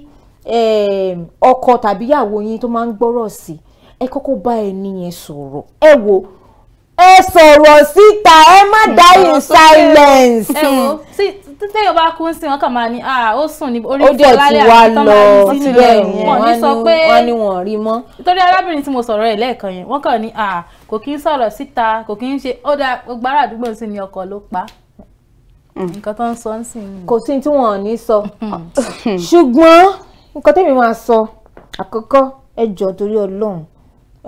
ọkọ tàbí ìyàwó yín tó máa ń gbọ́rọ̀ sí ẹ kọ́kọ́ bá ẹni yẹn sọ̀rọ̀ ẹ wo ẹ sọ̀rọ̀ síta ẹ má hmm. die in silence. ẹ wo tẹ́yọ̀ bá kú sí wọn kàn máa ní ah, ó sùn ní orí ìfọ̀ lálẹ́ àti tọ́mọ̀ ní sínú ẹ̀ wọ́n ní sọ pé wọ́n ní wọ́n rí mọ́. torí arábìnrin tí mo sọ̀rọ̀ ẹ̀ lẹ́ẹ̀kan yẹn wọ́n kàn ní ah, kò kí ń sọ̀rọ̀ síta kò kí ń ṣe ó dá gbogbo ará àdúgbò sí ni ọkọ̀ ló pa hmm. nǹkan tó ń sọ ń sìn ní. kò sí tí wọn ò ní sọ hmm. ṣùgbọ́n nǹkan tẹ́mi máa sọ àkọ́kọ́ ẹ jọ̀ọ́ torí Ọlọ́run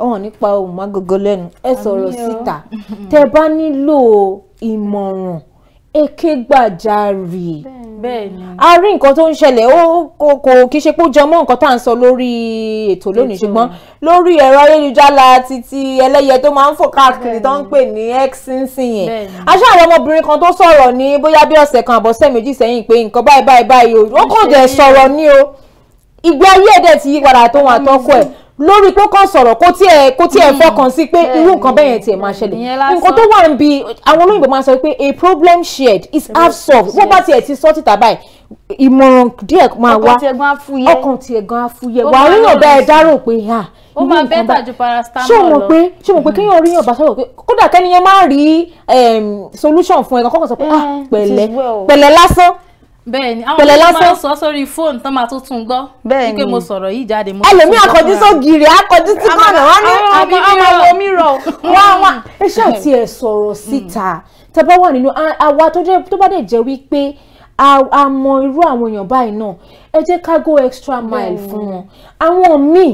wọn nípa ohun mágogo lẹ́nu ẹ sọ̀rọ̀ síta tẹ bá nílò ìmọ̀ràn èké gbàjarì a rí nǹkan tó ń ṣẹlẹ̀ ó kò kò kì í ṣe pé ó jọ mọ́ nǹkan tá à ń sọ lórí ètò lónìí ṣùgbọ́n lórí ẹ̀rọ ayélujára títí ẹlẹ́yẹ tó máa ń fò káàkiri tó ń pè ní x aṣọ àwọn ọmọbìnrin kan tó sọ̀rọ̀ ní bóyá bí ọ̀sẹ̀ kan àbọ̀sẹ̀ méjì sẹ́yìn pé nǹkan báyìí báyìí báyìí ó kò dẹ̀ sọ̀rọ̀ ní o ìgbé ayé ẹ̀dẹ̀ ti yí padà tó wọn àtọ́kọ̀ ẹ̀ lórí pé kàn sọ̀rọ̀ kó tiẹ̀ kó tiẹ̀ hmm. fọkàn sí pé irú nǹkan bẹ́ẹ̀ yẹn tiẹ̀ máa hmm. ṣẹlẹ̀ nǹkan tó wà ń bi àwọn olóyìnbó máa sọ pé a problem shared is half solved wọ́n bá tiẹ̀ ti sọ títà báyìí ìmọ̀ràn díẹ̀ máa wá ọkàn tiẹ̀ gan afúyẹ́ wà á ríyàn bá ẹ dárò pé ha ah, ó máa bẹ́tà ju paracetamol lọ ṣé o mọ̀ pé ṣé o mọ̀ pé kéèyàn hmm. ríyàn bá sọ̀rọ̀ pé kódà kẹ́niyàn máa rí ehm, solution fún ẹ kan sọ pé ah eh, pẹ̀lẹ́ pẹ̀lẹ́ lásán bẹ́ẹ̀ni àwọn ọmọ máa ń sọ sórí fóònù tán máa tún tún gbọ́ bẹ́ẹ̀ni wípé mo sọ̀rọ̀ yìí jáde mo. ẹlòmíì akọjú sógiri akọjú sí kọ́nà wọn ní àbí ọmọ wo mi rọ wọn wá. ẹ ṣáà ti ẹ sọ̀rọ̀ mm. síta tẹ bá wà nínú àwa tó bá dẹ̀ jẹ́ wípé a mọ irú àwọn èèyàn báyìí náà ẹ jẹ́ ká go extra mile fún wọn àwọn míì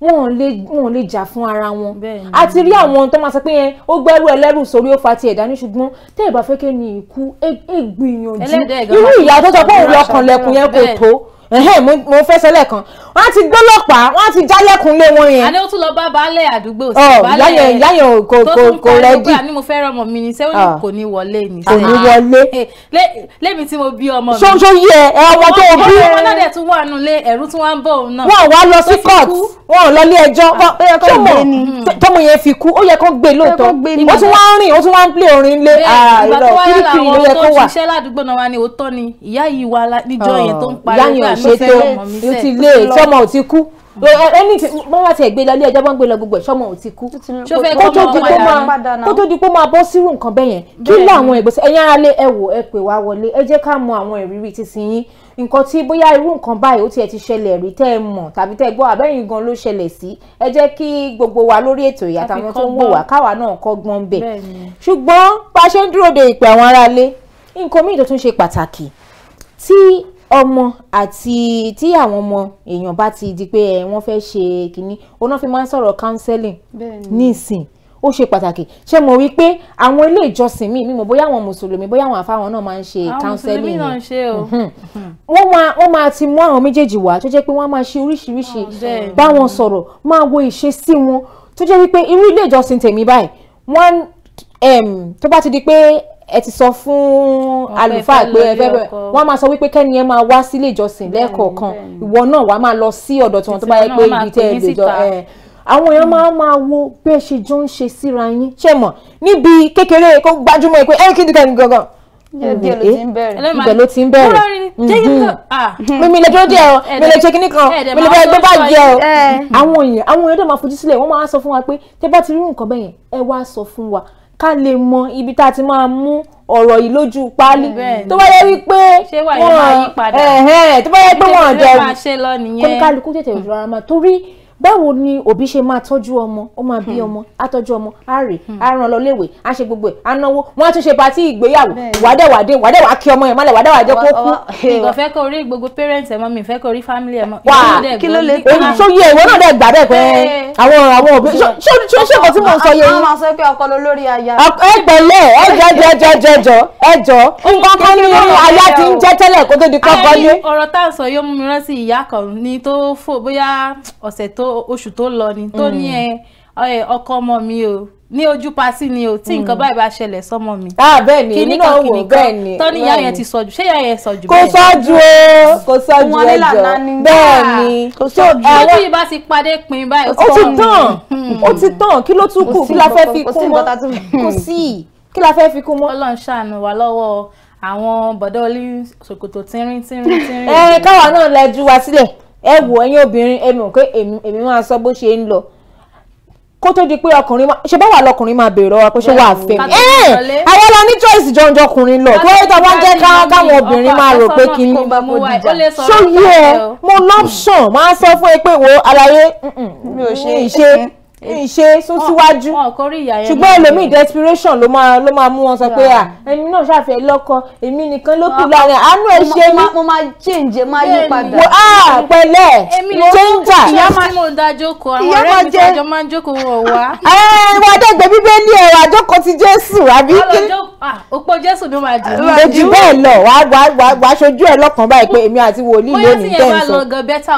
wọn ò lè wọn ò lè jà fún ara wọn a ti rí àwọn tó máa sọ pé yẹn ó gbẹ́rú ẹlẹ́rù sórí ó fa ti ẹ̀dá ní ṣùgbọ́n tẹ́ ẹ̀ bá fẹ́ kẹ́ ni ikú ẹ gbìyànjú irú ìyá tó sọ pé òun lọkàn lẹ̀kùn yẹn kò tó mo fẹ́ sọ lẹ́ẹ̀kan wọ́n á ti gbọ́lọ́pàá wọ́n á ti jálẹ̀kùnlé wọn yẹn. àní ó tún lọ bá baálé àdúgbò sí baálé yáyàn kò kò kò rẹ́dì. tó tún pariwo ni mo fẹ́ rọmọ mi ni sẹ́wọ́n ah. kò ní wọlé ni. kò ní ah. wọlé. Eh, lémi tí mo bí ọmọ mi. ṣoṣo yẹ ẹ ọmọ tó o bí. ọmọ náà dẹ̀ tún wà nulẹ̀ ẹ̀rú tún wá ń bọ̀ òun náà. wọ́n wá lọ sí court wọ́n lọ ilé ẹjọ́ ah, tọ́mọ yẹn fi kú ó yẹ kó gbé lóòótọ́ ó tún wá ń rìn ó tún wá ń plé orin lé àìrọ̀ kírìkírì ló yẹ kó wà. ìgbà tó wáyà làwọn tó ṣiṣẹ́ ládùúgbò náà wá ní òótọ́ ni ìyá yìí wà níjọ́ yẹn tó ń pariwo ṣètò o ti lé sọmọ ò ti kú ẹni tí wọ́n wá ti ẹ̀gbẹ́ lọ ilé ẹjọ́ wọ́n gbé lọ gbogbo ẹ̀ sọmọ ò ti kú kó tó di kó máa bọ́ sírù nǹkan bẹ́ẹ̀ yẹn kí làwọn ìgbésẹ̀ ẹ̀yin ara lé ẹ wò ẹ pè wá wọlé ẹ jẹ́ ká mọ àwọn ìrírí ti sin yín nǹkan tí bóyá irú nǹkan báyìí ó tiẹ̀ ti ṣẹlẹ̀ rí tẹ́ ẹ mọ̀ tàbí tẹ́ ẹ gbọ́ àbẹ́yìn gan ló ṣẹlẹ̀ sí ẹ jẹ́ kí gbogbo wa lórí ètò ìyàtàwọn tó ń wò ọmọ àti tí àwọn ọmọ èèyàn bá ti di pé wọ́n fẹ́ ṣe kínní oná fi máa ń sọ̀rọ̀ counseling nísìn ó ṣe pàtàkì ṣé mo wí pé àwọn ilé ìjọsìn mi mímọ bóyá àwọn mùsùlùmí bóyá àwọn àfáwọn náà máa ń ṣe counseling ni wọ́n máa wọ́n máa ti mú àwọn méjèèjì wá tó jẹ́ pé wọ́n máa ṣe oríṣiríṣi bá wọn sọ̀rọ̀ máa wo ìṣesí wọn tó jẹ́ wípé irú ilé ìjọsìn tèmi báyìí wọ́n tó bá ti di pé ẹ ti sọ fún àlùfáà pé ẹ fẹ́ wọ́n máa sọ wípé kẹ́ni ẹ máa wá sílé ìjọsìn lẹ́ẹ̀kọ̀ọ̀kan ìwọ náà wàá máa lọ sí ọ̀dọ̀ tí wọ́n tó bá yẹ pé ibi tẹ́ ẹ lè jọ ẹ̀ àwọn èèyàn máa máa wo bí ẹ ṣe jọ ń ṣe síra yín ṣe mọ̀ níbi kékeré kó gbajúmọ̀ ẹ pé ẹ kí ni kẹ́ni gangan ibẹ̀ ló eh, ti ń bẹ̀rẹ̀ mímí mhm. ah. lè dúró díẹ̀ o mi lè ṣe kíní kan mi lè bá ẹgbẹ́ bá jẹ o àwọn èèyàn àwọn èèyàn dẹ̀ máa fojú sílẹ̀ wọ́n máa sọ fún wa pé tẹ́ bá ti rí nǹkan bẹ́yẹn ẹ wá sọ fún wa ká lè mọ ibi tá a ti máa mú ọ̀rọ̀ yìí lójú páálí tó bá yẹ wípé wọ́n tó bá yẹ pé wọ́n jẹ́ kó kálukú tètè rọra máa torí báwo ni òbí ṣe máa tọ́jú ọmọ ó máa bí hmm. ọmọ á tọ́jú ọmọ á rè hmm. á ràn lọ léwe á ṣe gbogbo ẹ̀ á náwó wọ́n á tún ṣe patí ìgbéyàwó wàdẹ́wàdẹ́ wàdẹ́wà kí ọmọ yẹn mọ́lẹ̀ wàdẹ́wàdẹ́ kó kú. ìgò fẹ́ kó rí gbogbo parents ẹ̀ mọ́ mi fẹ́ kó rí family ẹ̀ mọ́. wà á kí ló lè kó náà. sóyè ìwọ náà dẹ̀ gbà bẹ́ẹ̀ pé àwọn àwọn òbí ṣé ṣé kò tí mò ń sọ yẹn. àwọn máa sọ pé ọkọ ló lórí aya. ẹ pẹ̀lẹ́ ẹ jọjọ jọjọ jọ ẹ jọ nǹkan kan ní aya ti ń jẹ tẹ́lẹ̀ kó tó di kọkọ ní. ọ̀rọ̀ tá à ń sọ yóò mú mi rántí ìyá kan ní tó fò bóyá ọ̀sẹ̀ tó oṣù tó lọ ni tó ní mm. ẹ ọkọ ọmọ mi o ní ojú pasí ni o tí nǹkan mm. báyìí bá ṣẹlẹ̀ sọ́mọ mi. ah bẹ́ẹ̀ ni èmi náà wò bẹ́ẹ̀ ni tọ́ ni ìyá yẹn ti sọ jù ṣé ìyá yẹn sọ jù bẹ́ẹ̀ ni. kò sọ jù o kò sọ jù ẹjọ bẹ́ẹ̀ ni kò sọ jù ẹwọ́ ojú ìbá ti padé pin báyìí. ó ti tàn ó ti tàn hmm. kí ló tún kù kí la fẹ́ fi kún mọ́ kò sí kí la fẹ́ fi kún mọ́. Ọlọ́run ṣàánú wa lọ́wọ́ àwọn bọ̀dọ́ olú ṣòkòtò tínrín tínrín eh, tínrín. ẹ káwa náà lẹ ju wa sílẹ̀ ẹ wò ẹ̀yin obìnrin ẹ mọ̀ pé èmi máa sọ bó ṣe ń lọ kó tó di pé ọkùnrin máa ṣe bá wà lọkùnrin máa bèrè ọwọ́ pé ṣé wà á fẹ́ mi. àwọn ọlọ ní choice jọjọ ọkùnrin lọ kí wọ́n tó bá jẹ́ káwọn obìnrin máa rò pé kí ni ṣó yẹ mo lọ́pṣọ̀n máa sọ fún ẹ pé wo àlàyé mi ò ṣe ìṣe sún síwájú ṣùgbọ́n ẹlòmíì desperation ló máa ló máa mú wọn sọ pé à ah, ẹni náà ṣàfẹ́ lọ́kọ èmi nìkan ló kù lára àánú ẹ̀ ṣe mí. mo máa change máa yí padà. a ah, pẹ̀lẹ́ changer. ìyá máa mú un dá jókòó àwọn ọ̀rẹ́ mi tọ́jọ́ máa ń jókòó wọ̀ wá. Ah, wọ́n adẹ́gbẹ́ bíbélì ẹ̀rọ àjókòó ti jésù àbí kí. òpó jésù ló máa dì í. ojú bẹ́ẹ̀ lọ wàá ṣojú ẹ̀ lọ́kàn báyìí pé èmi àti wòlíì lónìí tẹ̀ ń sọ.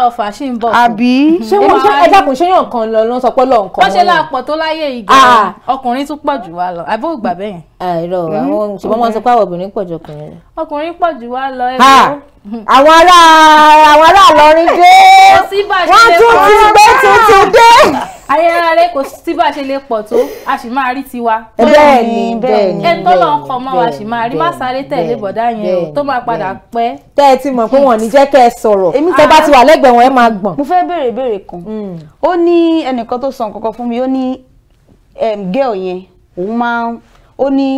bóyá tí nǹkan. wọ́n ṣe láàpọ̀ tó láyé ìgbà ah. ọkùnrin tún pọ̀ jù wá lọ àbí ò gbà àìrọ ah, mm-hmm. àwọn ṣùgbọ́n wọ́n ti pàwọ̀ obìnrin pọ̀ jù ọkùnrin lọ. ọkùnrin pọ̀ jù wá lọ àwọn ará àwọn ará Ìlọrin dé wọ́n tún ti gbé tuntun dé ayẹyẹ rẹ kò sí bá a ṣe lè pọ̀ tó a sì máa rí tiwa. bẹ́ẹ̀ ni bẹ́ẹ̀ ni ẹni tó lọ ń kọ mọ́ wa sì máa rí má sáré tẹ̀lé bọ̀dá yẹn o tó máa padà pẹ́. tẹ́ ẹ ti mọ̀ pé wọ́n ní jẹ́ kẹ́ ẹ sọ̀rọ̀ èmi tẹ́ ah. bá ti wà lẹ́gbẹ̀ẹ́ wọn ẹ máa gbọ̀n. mo fẹ́ béèrè béèrè kan mm. ó ní ẹnìkan tó sọ nǹkan kan fún mi ó ní gẹ́ọ̀ yẹn òun máa ó ní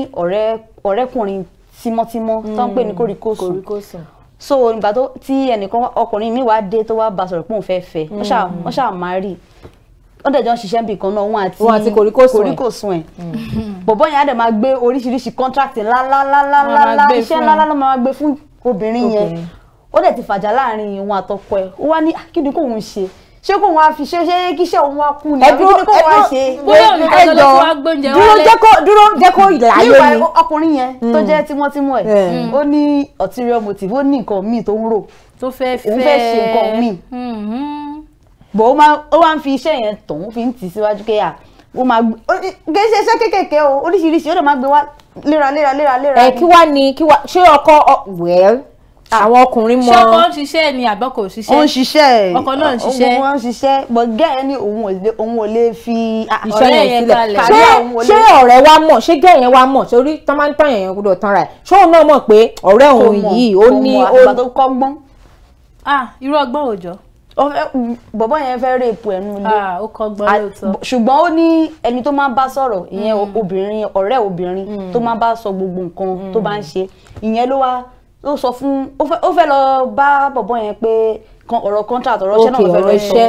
ọ̀rẹ́kùnrin tímọ́tímọ́ tó ń pè ní mm. kòríkòsùn so ìgbà tí ẹnìkan ọkùnrin mi wá dé tó wá bá sọ̀rọ̀ pé òun fẹ́ fẹ́ wọ́n ṣáà mm. máa rí wọ́n dẹ̀jọ́ ń ṣiṣẹ́ bí kan náà wọn àti wọn àti kòríkòsùn ẹ̀ mm. bọ̀bọ́ yẹn á dẹ̀ máa gbé oríṣiríṣi contract ńláńláńláńlá iṣẹ́ ńláńlá ló máa gbé fún obìnrin yẹn ó dẹ̀ ti fàjà láàrin òun àtọkọ ẹ̀ ó wá ní ah, kí ni kóun ṣe ṣé kó wọn fi ṣe ṣe kíṣẹ́ òun wá kú ni àbí kí ni kó wọn ṣe. ẹjọ dúró jẹ́ kó dúró jẹ́ kó láyé mi. ọkùnrin yẹn tó mm. jẹ́ tímọ́tímọ́ ẹ̀ ó ní ulterior ó ní nǹkan míì tó ń rò tó fẹ́ fẹ́ òun fẹ́ ṣe nǹkan míì. Mm-hmm bọ̀ ó máa ó máa fi iṣẹ́ yẹn tòun fi ń tì síwájú kéyà ó máa gbé ṣe iṣẹ́ kéékèèké o oríṣiríṣi ó lè máa gbé wá léraléra léraléra. ẹ kí wàá ní kí wàá ṣé ọkọ wẹ́ẹ́ àwọn ọkùnrin mọ ṣé ọkọ ń ṣiṣẹ́ ni àbọ̀ kò ṣiṣẹ́ ó ń ṣiṣẹ́ ọkọ náà ń ṣiṣẹ́ ọkọ náà ń ṣiṣẹ́ but gẹ́ẹ̀ ni òun ò lè fi ọ̀rẹ́ yẹn kalẹ̀ ṣé ṣé ọ̀rẹ́ wa mọ̀ ṣé gẹ́ẹ̀ yẹn wa mọ̀ torí tán máa ń tàn yẹn gbọdọ̀ tanra ẹ̀ ṣé òun náà mọ̀ pé ọ̀rẹ́ òun yìí ó ní ó. kò mọ̀ kọ́gbọ́n. ah irú ọgbọ́n òòjọ́ bọ̀bọ̀ yẹn fẹ́ rèpù ẹnu ilé ah, ṣùgbọ́n ó ní ẹni tó máa ń bá sọ̀rọ̀ ìyẹn hmm. obìnrin ọ̀rẹ́ obìnrin hmm. tó máa ń bá sọ gbogbo nǹkan tó bá ń hmm. ṣe ìyẹn ló wá ó sọ fún ó fẹ́ lọ bá bọ̀bọ̀ yẹn pé ọ̀rọ̀ contract ọ̀rọ̀ iṣẹ́ náà ló fẹ́ lọ iṣẹ́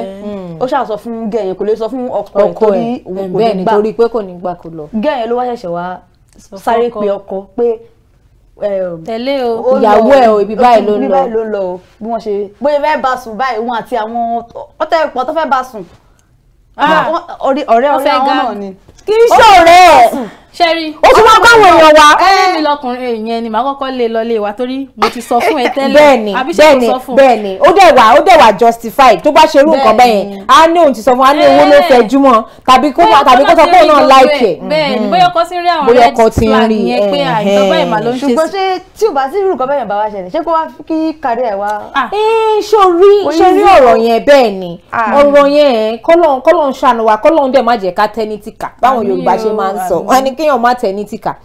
ó ṣáà sọ fún gẹ̀ yẹn kò lè sọ fún ọkọ ẹ̀ torí òun kò ní gbà gẹ̀ yẹn ló wá ṣẹ̀ṣẹ̀ wá sáré pé ọkọ pé tẹ̀lé o ìyàwó ẹ̀ o ibi báyìí ló ń lọ ibi báyìí ló ń lọ o bí wọ́n ṣe bóyá fẹ́ bá sùn báyìí òun àti àwọn ọ̀tẹ̀ ìpọ̀ tó fẹ́ bá sùn ah. ọ̀rẹ́ ọ̀rẹ́ àwọn náà ni kì í ṣọ̀rẹ́ ẹ̀ ṣẹ́rí ó tún wá báwọn èèyàn wa. ọ̀rẹ́ eh. mi lọkùnrin yẹn ni màá kọ́kọ́ lé lọ lé wa torí mo ti sọ fún ẹ tẹ́lẹ̀ àbí ṣe mo sọ fún. bẹ́ẹ̀ni ó dẹ̀ wà ó dẹ̀ wà justified tó bá ṣe irú nǹkan bẹ́ẹ̀ yẹn á ní òun ti sọ fún wa á ní owó ló eh. fẹ́ júmọ́ tàbí kó tàbí kó sọ pé òun náà láìkè. bẹ́ẹ̀ni mm-hmm. bóyá ọkọ sí rí àwọn red flag yẹn pé àìsàn ah, báyìí mà ló ń ṣe. ṣùgbọ́n ṣé tí ò bá sí irú nǹkan bẹ́ẹ̀ yẹn bá wá ṣẹlẹ̀ ṣé kó wá kí kárí ẹ̀ wá. Ah. Eh, ṣorí ṣorí ọ̀rọ̀ yẹn bẹ́ẹ̀ ni ah. ọ̀rọ̀ yẹn kọ́lọ́n ṣàánú wa kọ́lọ́n dẹ̀ má jẹ́ ká tẹ́ ní tìkà báwọn Yorùbá ṣe máa ń kéèyàn má tẹ̀ ní tìkà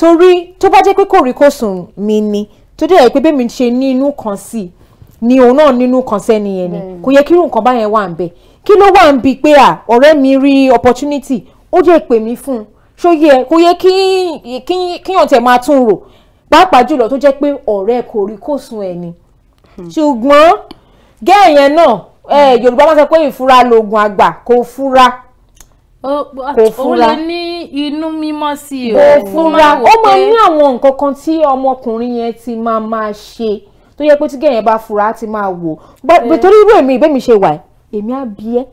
torí tó bá jẹ́ pé kòríkòsùn mi ni tó dẹ̀ yẹ pé bẹ́ẹ̀ mi ṣe ní inú kan sí i ni òun náà nínú kan sẹ́ni yẹn ni kò yẹ kí irú nǹkan báyẹn wà ń bẹ̀ kí ló wà ń bi pé à ọ̀rẹ́ mi rí opportunity ó dẹ̀ pè mí fún un ṣó yẹ kó yẹ kíyàn tẹ̀ máa tún rò pàápàá jùlọ tó jẹ́ pé ọ̀rẹ́ kòríkòsùn ẹ̀ ni hmm. ṣùgbọ́n gẹ́ẹ̀ yẹn náà yorùbá máa sọ pé ìfura lògùn àgbà kò fura o fura ó lè ní inú mímọ́ sí i kò fura ó máa ní àwọn nǹkan kan tí ọmọkùnrin yẹn ti máa máa ṣe tó yẹ pé tí gẹ̀yìn bá fura á ti máa wò eh. torí irú èmi ìbémi ṣe wà èmi á bí ẹ́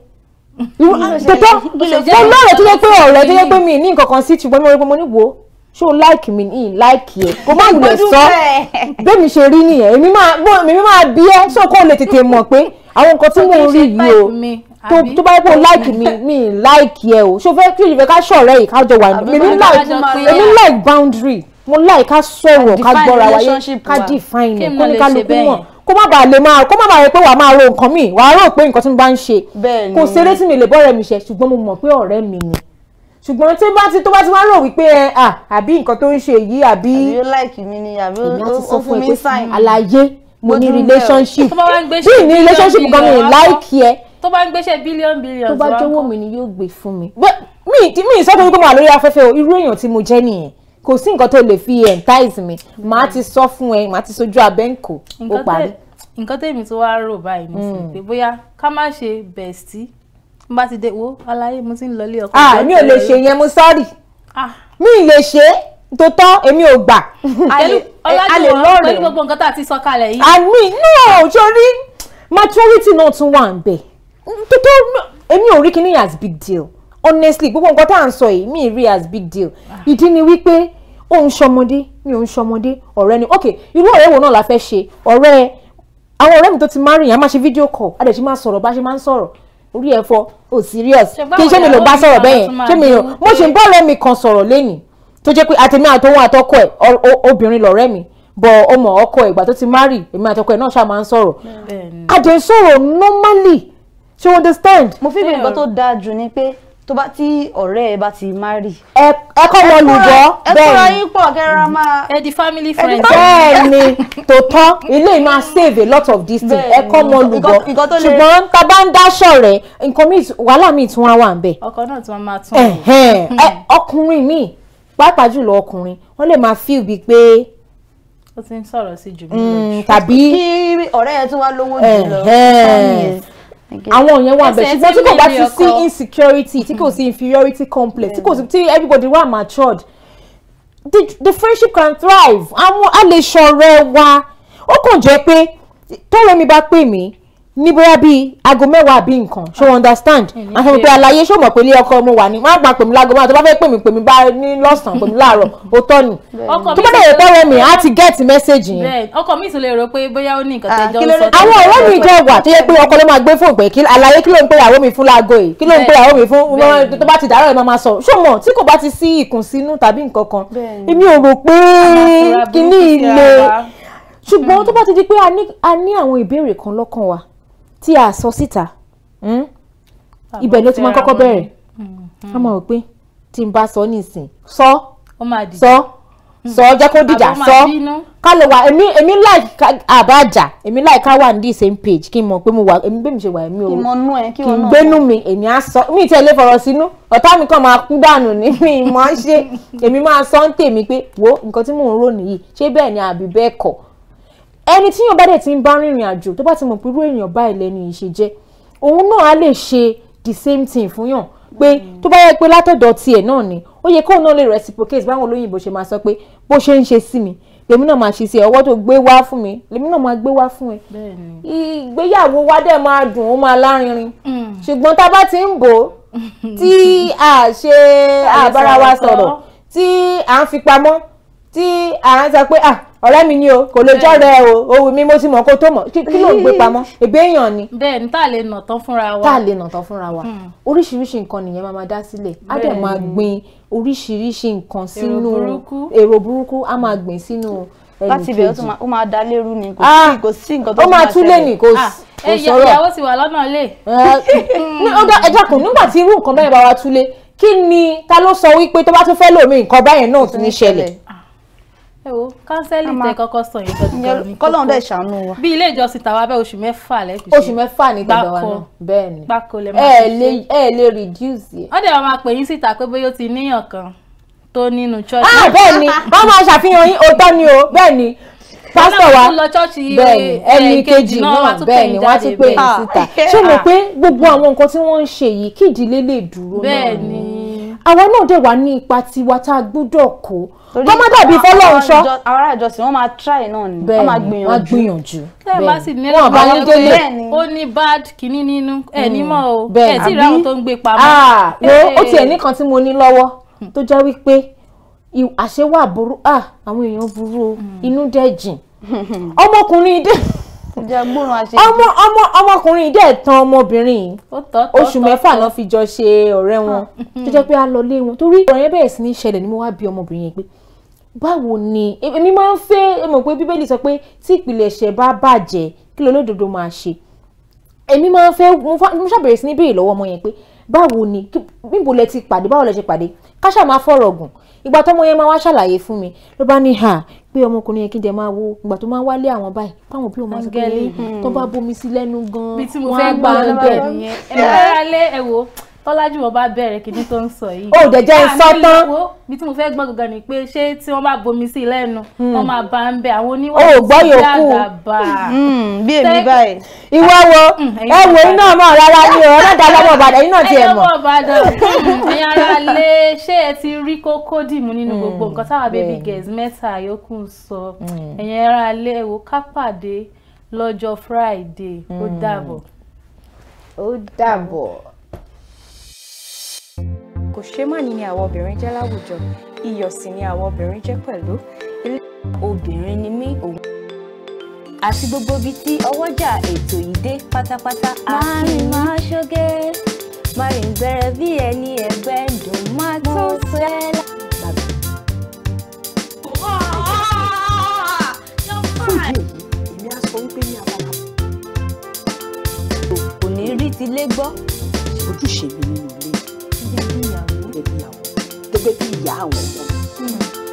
tètè mo lọ́rọ̀ tó yẹ pé ọ̀rẹ́ tó yẹ pé mi ní nǹkan kan sí ṣùgbọ́n mo rí pé mo wò ó ṣó like mi ní like yẹ kó má wulẹ̀ sọ bẹ́ẹ̀mi ṣe rí nìyẹn èmi máa bí ẹ́ ṣó kó lè tètè mọ̀ pé àwọn nǹkan tí mo rí yìí o tó tó bá yẹ kó like mi mi like yẹ o ṣo fẹ́ kí o yìí fẹ́ ká ṣọ̀rẹ́ yìí ká jọ wà ní mi like èmi like boundary mo like ká sọ̀rọ̀ ká gbọ́ra wáyé ká define kó ní kálukú mọ̀ kó má bàa lè máa kó má bàa rẹ pé wàá máa ro nǹkan mi wàá rò pé nǹkan tí mo bá ń ṣe kò ṣeré tí mi lè bọ́ ọ̀rẹ́ mi ṣe ṣùgbọ́n mo mọ̀ pé ọ̀rẹ́ mi ni ṣùgbọ́n tí bá ti tó bá ti wá rò wípé ẹ eh, à ah, àbí nǹkan tó ń ṣe yìí àbí. àbí ó láìkì mi ni àbí ó fún mi sáìn. àlàyé mo ní relationship bí ní relationship gan mi láìkì ẹ tó bá ń gbéṣẹ́ bílíọ̀nù bílíọ̀nù tó bá jọ̀wọ́ mi ni yóò gbé fún mi. mi mi sọ fún mi pé mo wà lórí afẹ́fẹ́ o irú èèyàn tí mo jẹ́ nìyẹn kò sí nǹkan tó lè fi entice mi màá ti sọ fún ẹ màá ti sojú abẹ́ǹkò ó parí. nǹkan tèmi tó wá rò báyìí mo sì hmm. pé bóyá ká má ṣe bẹ̀sì n bá ti dé wo aláyé mo ti ń lọlé ọkọ. ah mi ò lè ṣe yẹn mo sọ́ọ̀rì ah. mi ì lè ṣe é tó tọ́ èmi ò gbà. a lè eh, lọ́ọ̀rẹ́ pẹ̀lú gbogbo nǹkan tá a ti sọ kalẹ̀ yìí. àmì náà sórí maturity náà tún wà ń bẹ̀. Mm, tó èmi ò rí kíní as big deal honestly gbogbo nǹkan tá à ń sọ yìí mi rí as big deal ah. ìdí ni wípé ó ń ṣọmọdé mi ò ń ṣọmọdé ọ̀rẹ́ ni ok irú ọ̀rẹ́ wo náà la fẹ́ ṣe ọ̀rẹ́ àwọn ọ̀rẹ́ mi tó ti máa rìn yàn máa ṣe fídíò call a dẹ̀ ṣe máa sọ̀rọ̀ bá ṣe máa ń sọ̀rọ̀ orí ẹ̀ fọ́ ò serious kí n ṣe mi ló bá sọ̀rọ̀ bẹ́ẹ̀ yẹn ṣé mi yàn mo ṣe ń bọ́ ọ̀rẹ́ mi kan sọ̀rọ̀ lénìí tó jẹ́ pé àtẹ̀mí àtọwọ́ àtọkọ ẹ̀ obìnrin lọ̀rẹ́ mi bọ̀ ọmọ ọkọ ẹ̀ ìgbà tó ti máa rì èmi àtọkọ ẹ̀ náà ṣáà máa ń sọ̀rọ̀ àdẹ̀ normally She o understand. mo fi gbìyànjú tó dáa jù ni pé tó bá tí ọ̀rẹ́ ẹ bá ti marry. ẹ kọ́ wọn lùjọ́ bẹ́ẹ̀ ni ẹ kúrò yín pọ̀ kẹ́rọ mm-hmm. máa. ẹ di family friend. bẹ́ẹ̀ ni tó tán ilé máa save a lot of this thing ẹ kọ́ wọn lùjọ́ ṣùgbọ́n tá a bá ń dáṣọ rẹ̀ nǹkan míì wàhálà míì tún wá wà ń bẹ̀. ọkọ náà tún máa tún. Hmm. ọkùnrin míì pàápàá jùlọ ọkùnrin wọ́n lè máa feel bíi pé ó ti ń sọ̀rọ̀ sí jù mí lójú. Hmm, tàbí kí ọ̀rẹ́ yẹn tún wá lówó jù lọ àwọn yẹn wà bẹ́ẹ̀ ṣùgbọ́n tí kò bá ti sí insecurity tí kò sí inferiority complex tí kò sí tí everybody wà matured the the friendship can thrive àwọn a lè ṣọ̀rẹ́ wa ó kàn jẹ́ pé tọ́rẹ́ mi bá pè mí ní bóyá bíi aago mẹ́wàá àbí nǹkan ṣé o understand a sọ pé àlàyé ṣó mọ̀ pé ilé ọkọ mo wà ní má gbà pèmí láago máa tó bá fẹ́ pèmí pèmí bá ní lọ́sàn-án pèmí láàárọ̀ ó tọ́ ni tó bá dẹ̀yẹ pẹ́rẹ́ mi á ti get message yẹn. ọkọ mi sì lè rò pé bóyá ó ní nǹkan tẹjọ ah, ń sọ. àwọn ọ̀rẹ́ mi jẹ́ wà tó yẹ pé ọkọ ló máa gbé fún ìpè àlàyé kí ló ń pè ìyàwó mi fún láago yìí kí ló ń pè ìyàwó mi fún tó bá ti dàárọ̀ ẹ̀ máa sọ ṣó mọ̀ tí kò bá ti sí ṣùgbọ́n tó bá hmm. ti di pé a ní àwọn ìbéèrè kan lọ́kàn wa tí a sọ síta hmm? ibẹ̀ ló ti máa kọ́kọ́ bẹ̀rẹ̀ hmm, a máa rò hmm. pé tí n bá sọ nísìn sọ sọ sọ jẹ́ kó dìjà sọ ká lè wà èmi èmi láì àbájá èmi láì ká wà ní the same page kí n mọ̀ pé mo wà èmi bẹ́ẹ̀ mi ṣe wà èmi o kí n gbénú mi èmi á sọ mi ìtẹ̀lé fọ̀rọ̀ sínú ọ̀tá mi kàn máa kú dànù ní mi mọ̀ ṣe èmi máa sọ ń tèmi pé wo nǹkan tí mò ń rò nìyí ṣé bẹ́ẹ̀ ni àbí bẹ́ẹ̀ kọ́ ẹni tí yóò bá dẹ̀ ti ń bá rìnrìn àjò tó bá ti mọ̀ pé irú èèyàn báyìí lẹ́nu yìí ṣe jẹ́ òun náà á lè ṣe the same thing fún yàn pé mm. tó bá yẹ pé látọ̀dọ̀ tiẹ̀ náà ni ó yẹ kóun náà lè reciprocate báwọn olóyìnbó ṣe máa sọ pé bó ṣe ń ṣe sí mi lèmi náà máa ṣe sí ọwọ́ tó gbé wá fún mi lèmi náà máa gbé wá fún ẹ ìgbéyàwó wa dẹ̀ máa dùn ó máa lárinrin mm. ṣùgbọ́n tá a bá ti ń bò ó tí a ṣe àbára wa sọ̀rọ̀ tí à ń fi pamọ́ tí à ń sọ pé ah ọ̀rẹ́ mi ni o kò lè jọ́rẹ́ o òwú mi mo ti mọ̀ kó tó mọ̀ kí ló ń gbé pamọ́ ègbé èèyàn ni. bẹ́ẹ̀ ni tá a lè nà tán fúnra wa. tá a lè nà tán fúnra wa hmm. oríṣiríṣi nǹkan nìyẹn máa máa dá sílẹ̀ á dẹ̀ máa gbin oríṣiríṣi nǹkan sínú èrò burúkú á máa gbìn sínú ẹnì kejì láti ibẹ̀ ó máa dá lérú ni kò ah! sí nǹkan tó máa ṣẹlẹ̀ ah, ẹ̀yà ìyàwó ti wà lọ́nà ilé. ẹja kùn eh, nígbà tí irú nǹkan bẹ́ẹ̀ bá wa kí ni ta ló sọ wípé tó bá tún fẹ́ lómi nǹkan báyẹn náà tún ní ṣẹlẹ̀ ah ẹ wo kánsẹ́lì tẹ kọ́kọ́ sọ yìí gbọ́dọ̀ ní kókó kọ́lọ́run dẹ̀ ṣàánú wa. bí ilé ìjọsìn tàwa bẹ́ẹ̀ oṣù mẹ́fà lẹ́fì ṣe oṣù mẹ́fà ní gbọ̀dọ̀ wa náà bẹ́ẹ̀ ni gbáko lè máa ṣiṣẹ́ ẹ ẹ lè reduce yẹ. wọ́n dẹ̀ wọ́n máa pè yín síta pé bóyá ó ti níyàn kan tó nínú church. ah bẹ́ẹ̀ ni wọ́n máa ṣàfihàn yín òótọ́ ni o bẹ́ẹ̀ ni pásítọ̀ wa bẹ́ẹ̀ ni ẹni kejì ah. náà bẹ́ẹ̀ ni wọ́n ti pè àwa náà dẹ̀ wà ní ipa tiwa tá a gbúdọ̀ kó kó má dàbí fọlọ́run ṣọ́. àwọn ará ìjọsìn wọn máa try náà ni wọn máa gbìyànjú. wọ́n gbìyànjú bẹ́ẹ̀ wọn bá yín délé. ó ní bad kìíní nínú ẹ ní mm. mọ o ẹ tí ìrà àwọn tó ń gbé pamọ́. Ah, ó tiẹ̀ nìkan tí mo ní lọ́wọ́ tó jẹ́ wípé àṣewà burú ah, àwọn èèyàn burú mm. inú dẹ̀ jìn ọmọkùnrin dẹ̀ ọmọ ọmọ ọmọkùnrin dẹ̀ tan ọmọbìnrin yìí oṣù mẹ́fà náà fi jọ ṣe ọ̀rẹ́ wọn tó jẹ́ pé a lọ lé wọn torí ọ̀rọ̀ yẹn bẹ̀rẹ̀ sí ní ṣẹlẹ̀ ni mo wá bí ọmọbìnrin yẹn pé báwo ni èmi máa ń fẹ́ ẹ mọ̀ pé bíbélì sọ pé tí ìpìlẹ̀ṣẹ̀ bá bàjẹ́ kí lolódodo máa ṣe èmi máa ń fẹ́ mo ṣàbẹ̀rẹ̀ sí ní béèrè lọ́wọ́ ọmọ yẹn pé báwo ni níbo lẹ ti pàdé báwo lẹ ṣe pàdé káṣà máa fọ̀rọ̀ gùn ìgbà tọmọ yẹn máa wá ṣàlàyé fún mi ló bá ní hà pé ọmọkùnrin yẹn kí n jẹ máa wo ìgbà tó máa wálé àwọn báyìí báwọn bí o máa sọ pé tó bá bomi sí lẹ́nu gan-an á gbà ń bẹ̀ ẹ wò tọ́lájú wọn bá bẹ̀rẹ̀ kíní tó ń sọ yìí. ó dẹ̀ jẹ́ ah, sọ tán. bí tí mo fẹ́ gbọ́ gangan ni pé ṣé tí wọ́n bá bomi sí i lẹ́nu hmm. wọ́n máa bá ń bẹ àwọn oníwà tí dàgbà bá. bí èmi báyìí ìwọ ah, wo hmm, ẹ wo iná mọ rárá ni ọ̀rọ̀ náà dá lọ́wọ́ Ìbàdàn iná tiẹ̀ mọ̀. Hmm, ẹ̀yin ara lè ṣé ẹ ti rí kókó dìmú nínú gbogbo nǹkan táwa baby girls mẹ́ta yòókù ń sọ ẹ̀yin ara lè wo ká pàdé lọ́jọ́ Friday ó dàbọ̀. ó dàbọ̀ kò ṣe má ní ni àwọn obìnrin jẹ́ láwùjọ iyọ̀ sì ni àwọn obìnrin jẹ́ pẹ̀lú ilé obìnrin ni mí òun. àti gbogbo ibi tí ọwọ́jà ètò yìí dé pátápátá. máa rìn máa ṣoge máa rìn gbẹrẹ bí ẹni ẹgbẹ́ dùn máa tó sẹ́lá. kò ní rí tilé gbọ́ ojúṣe mi nínú ilé. de Yahweh.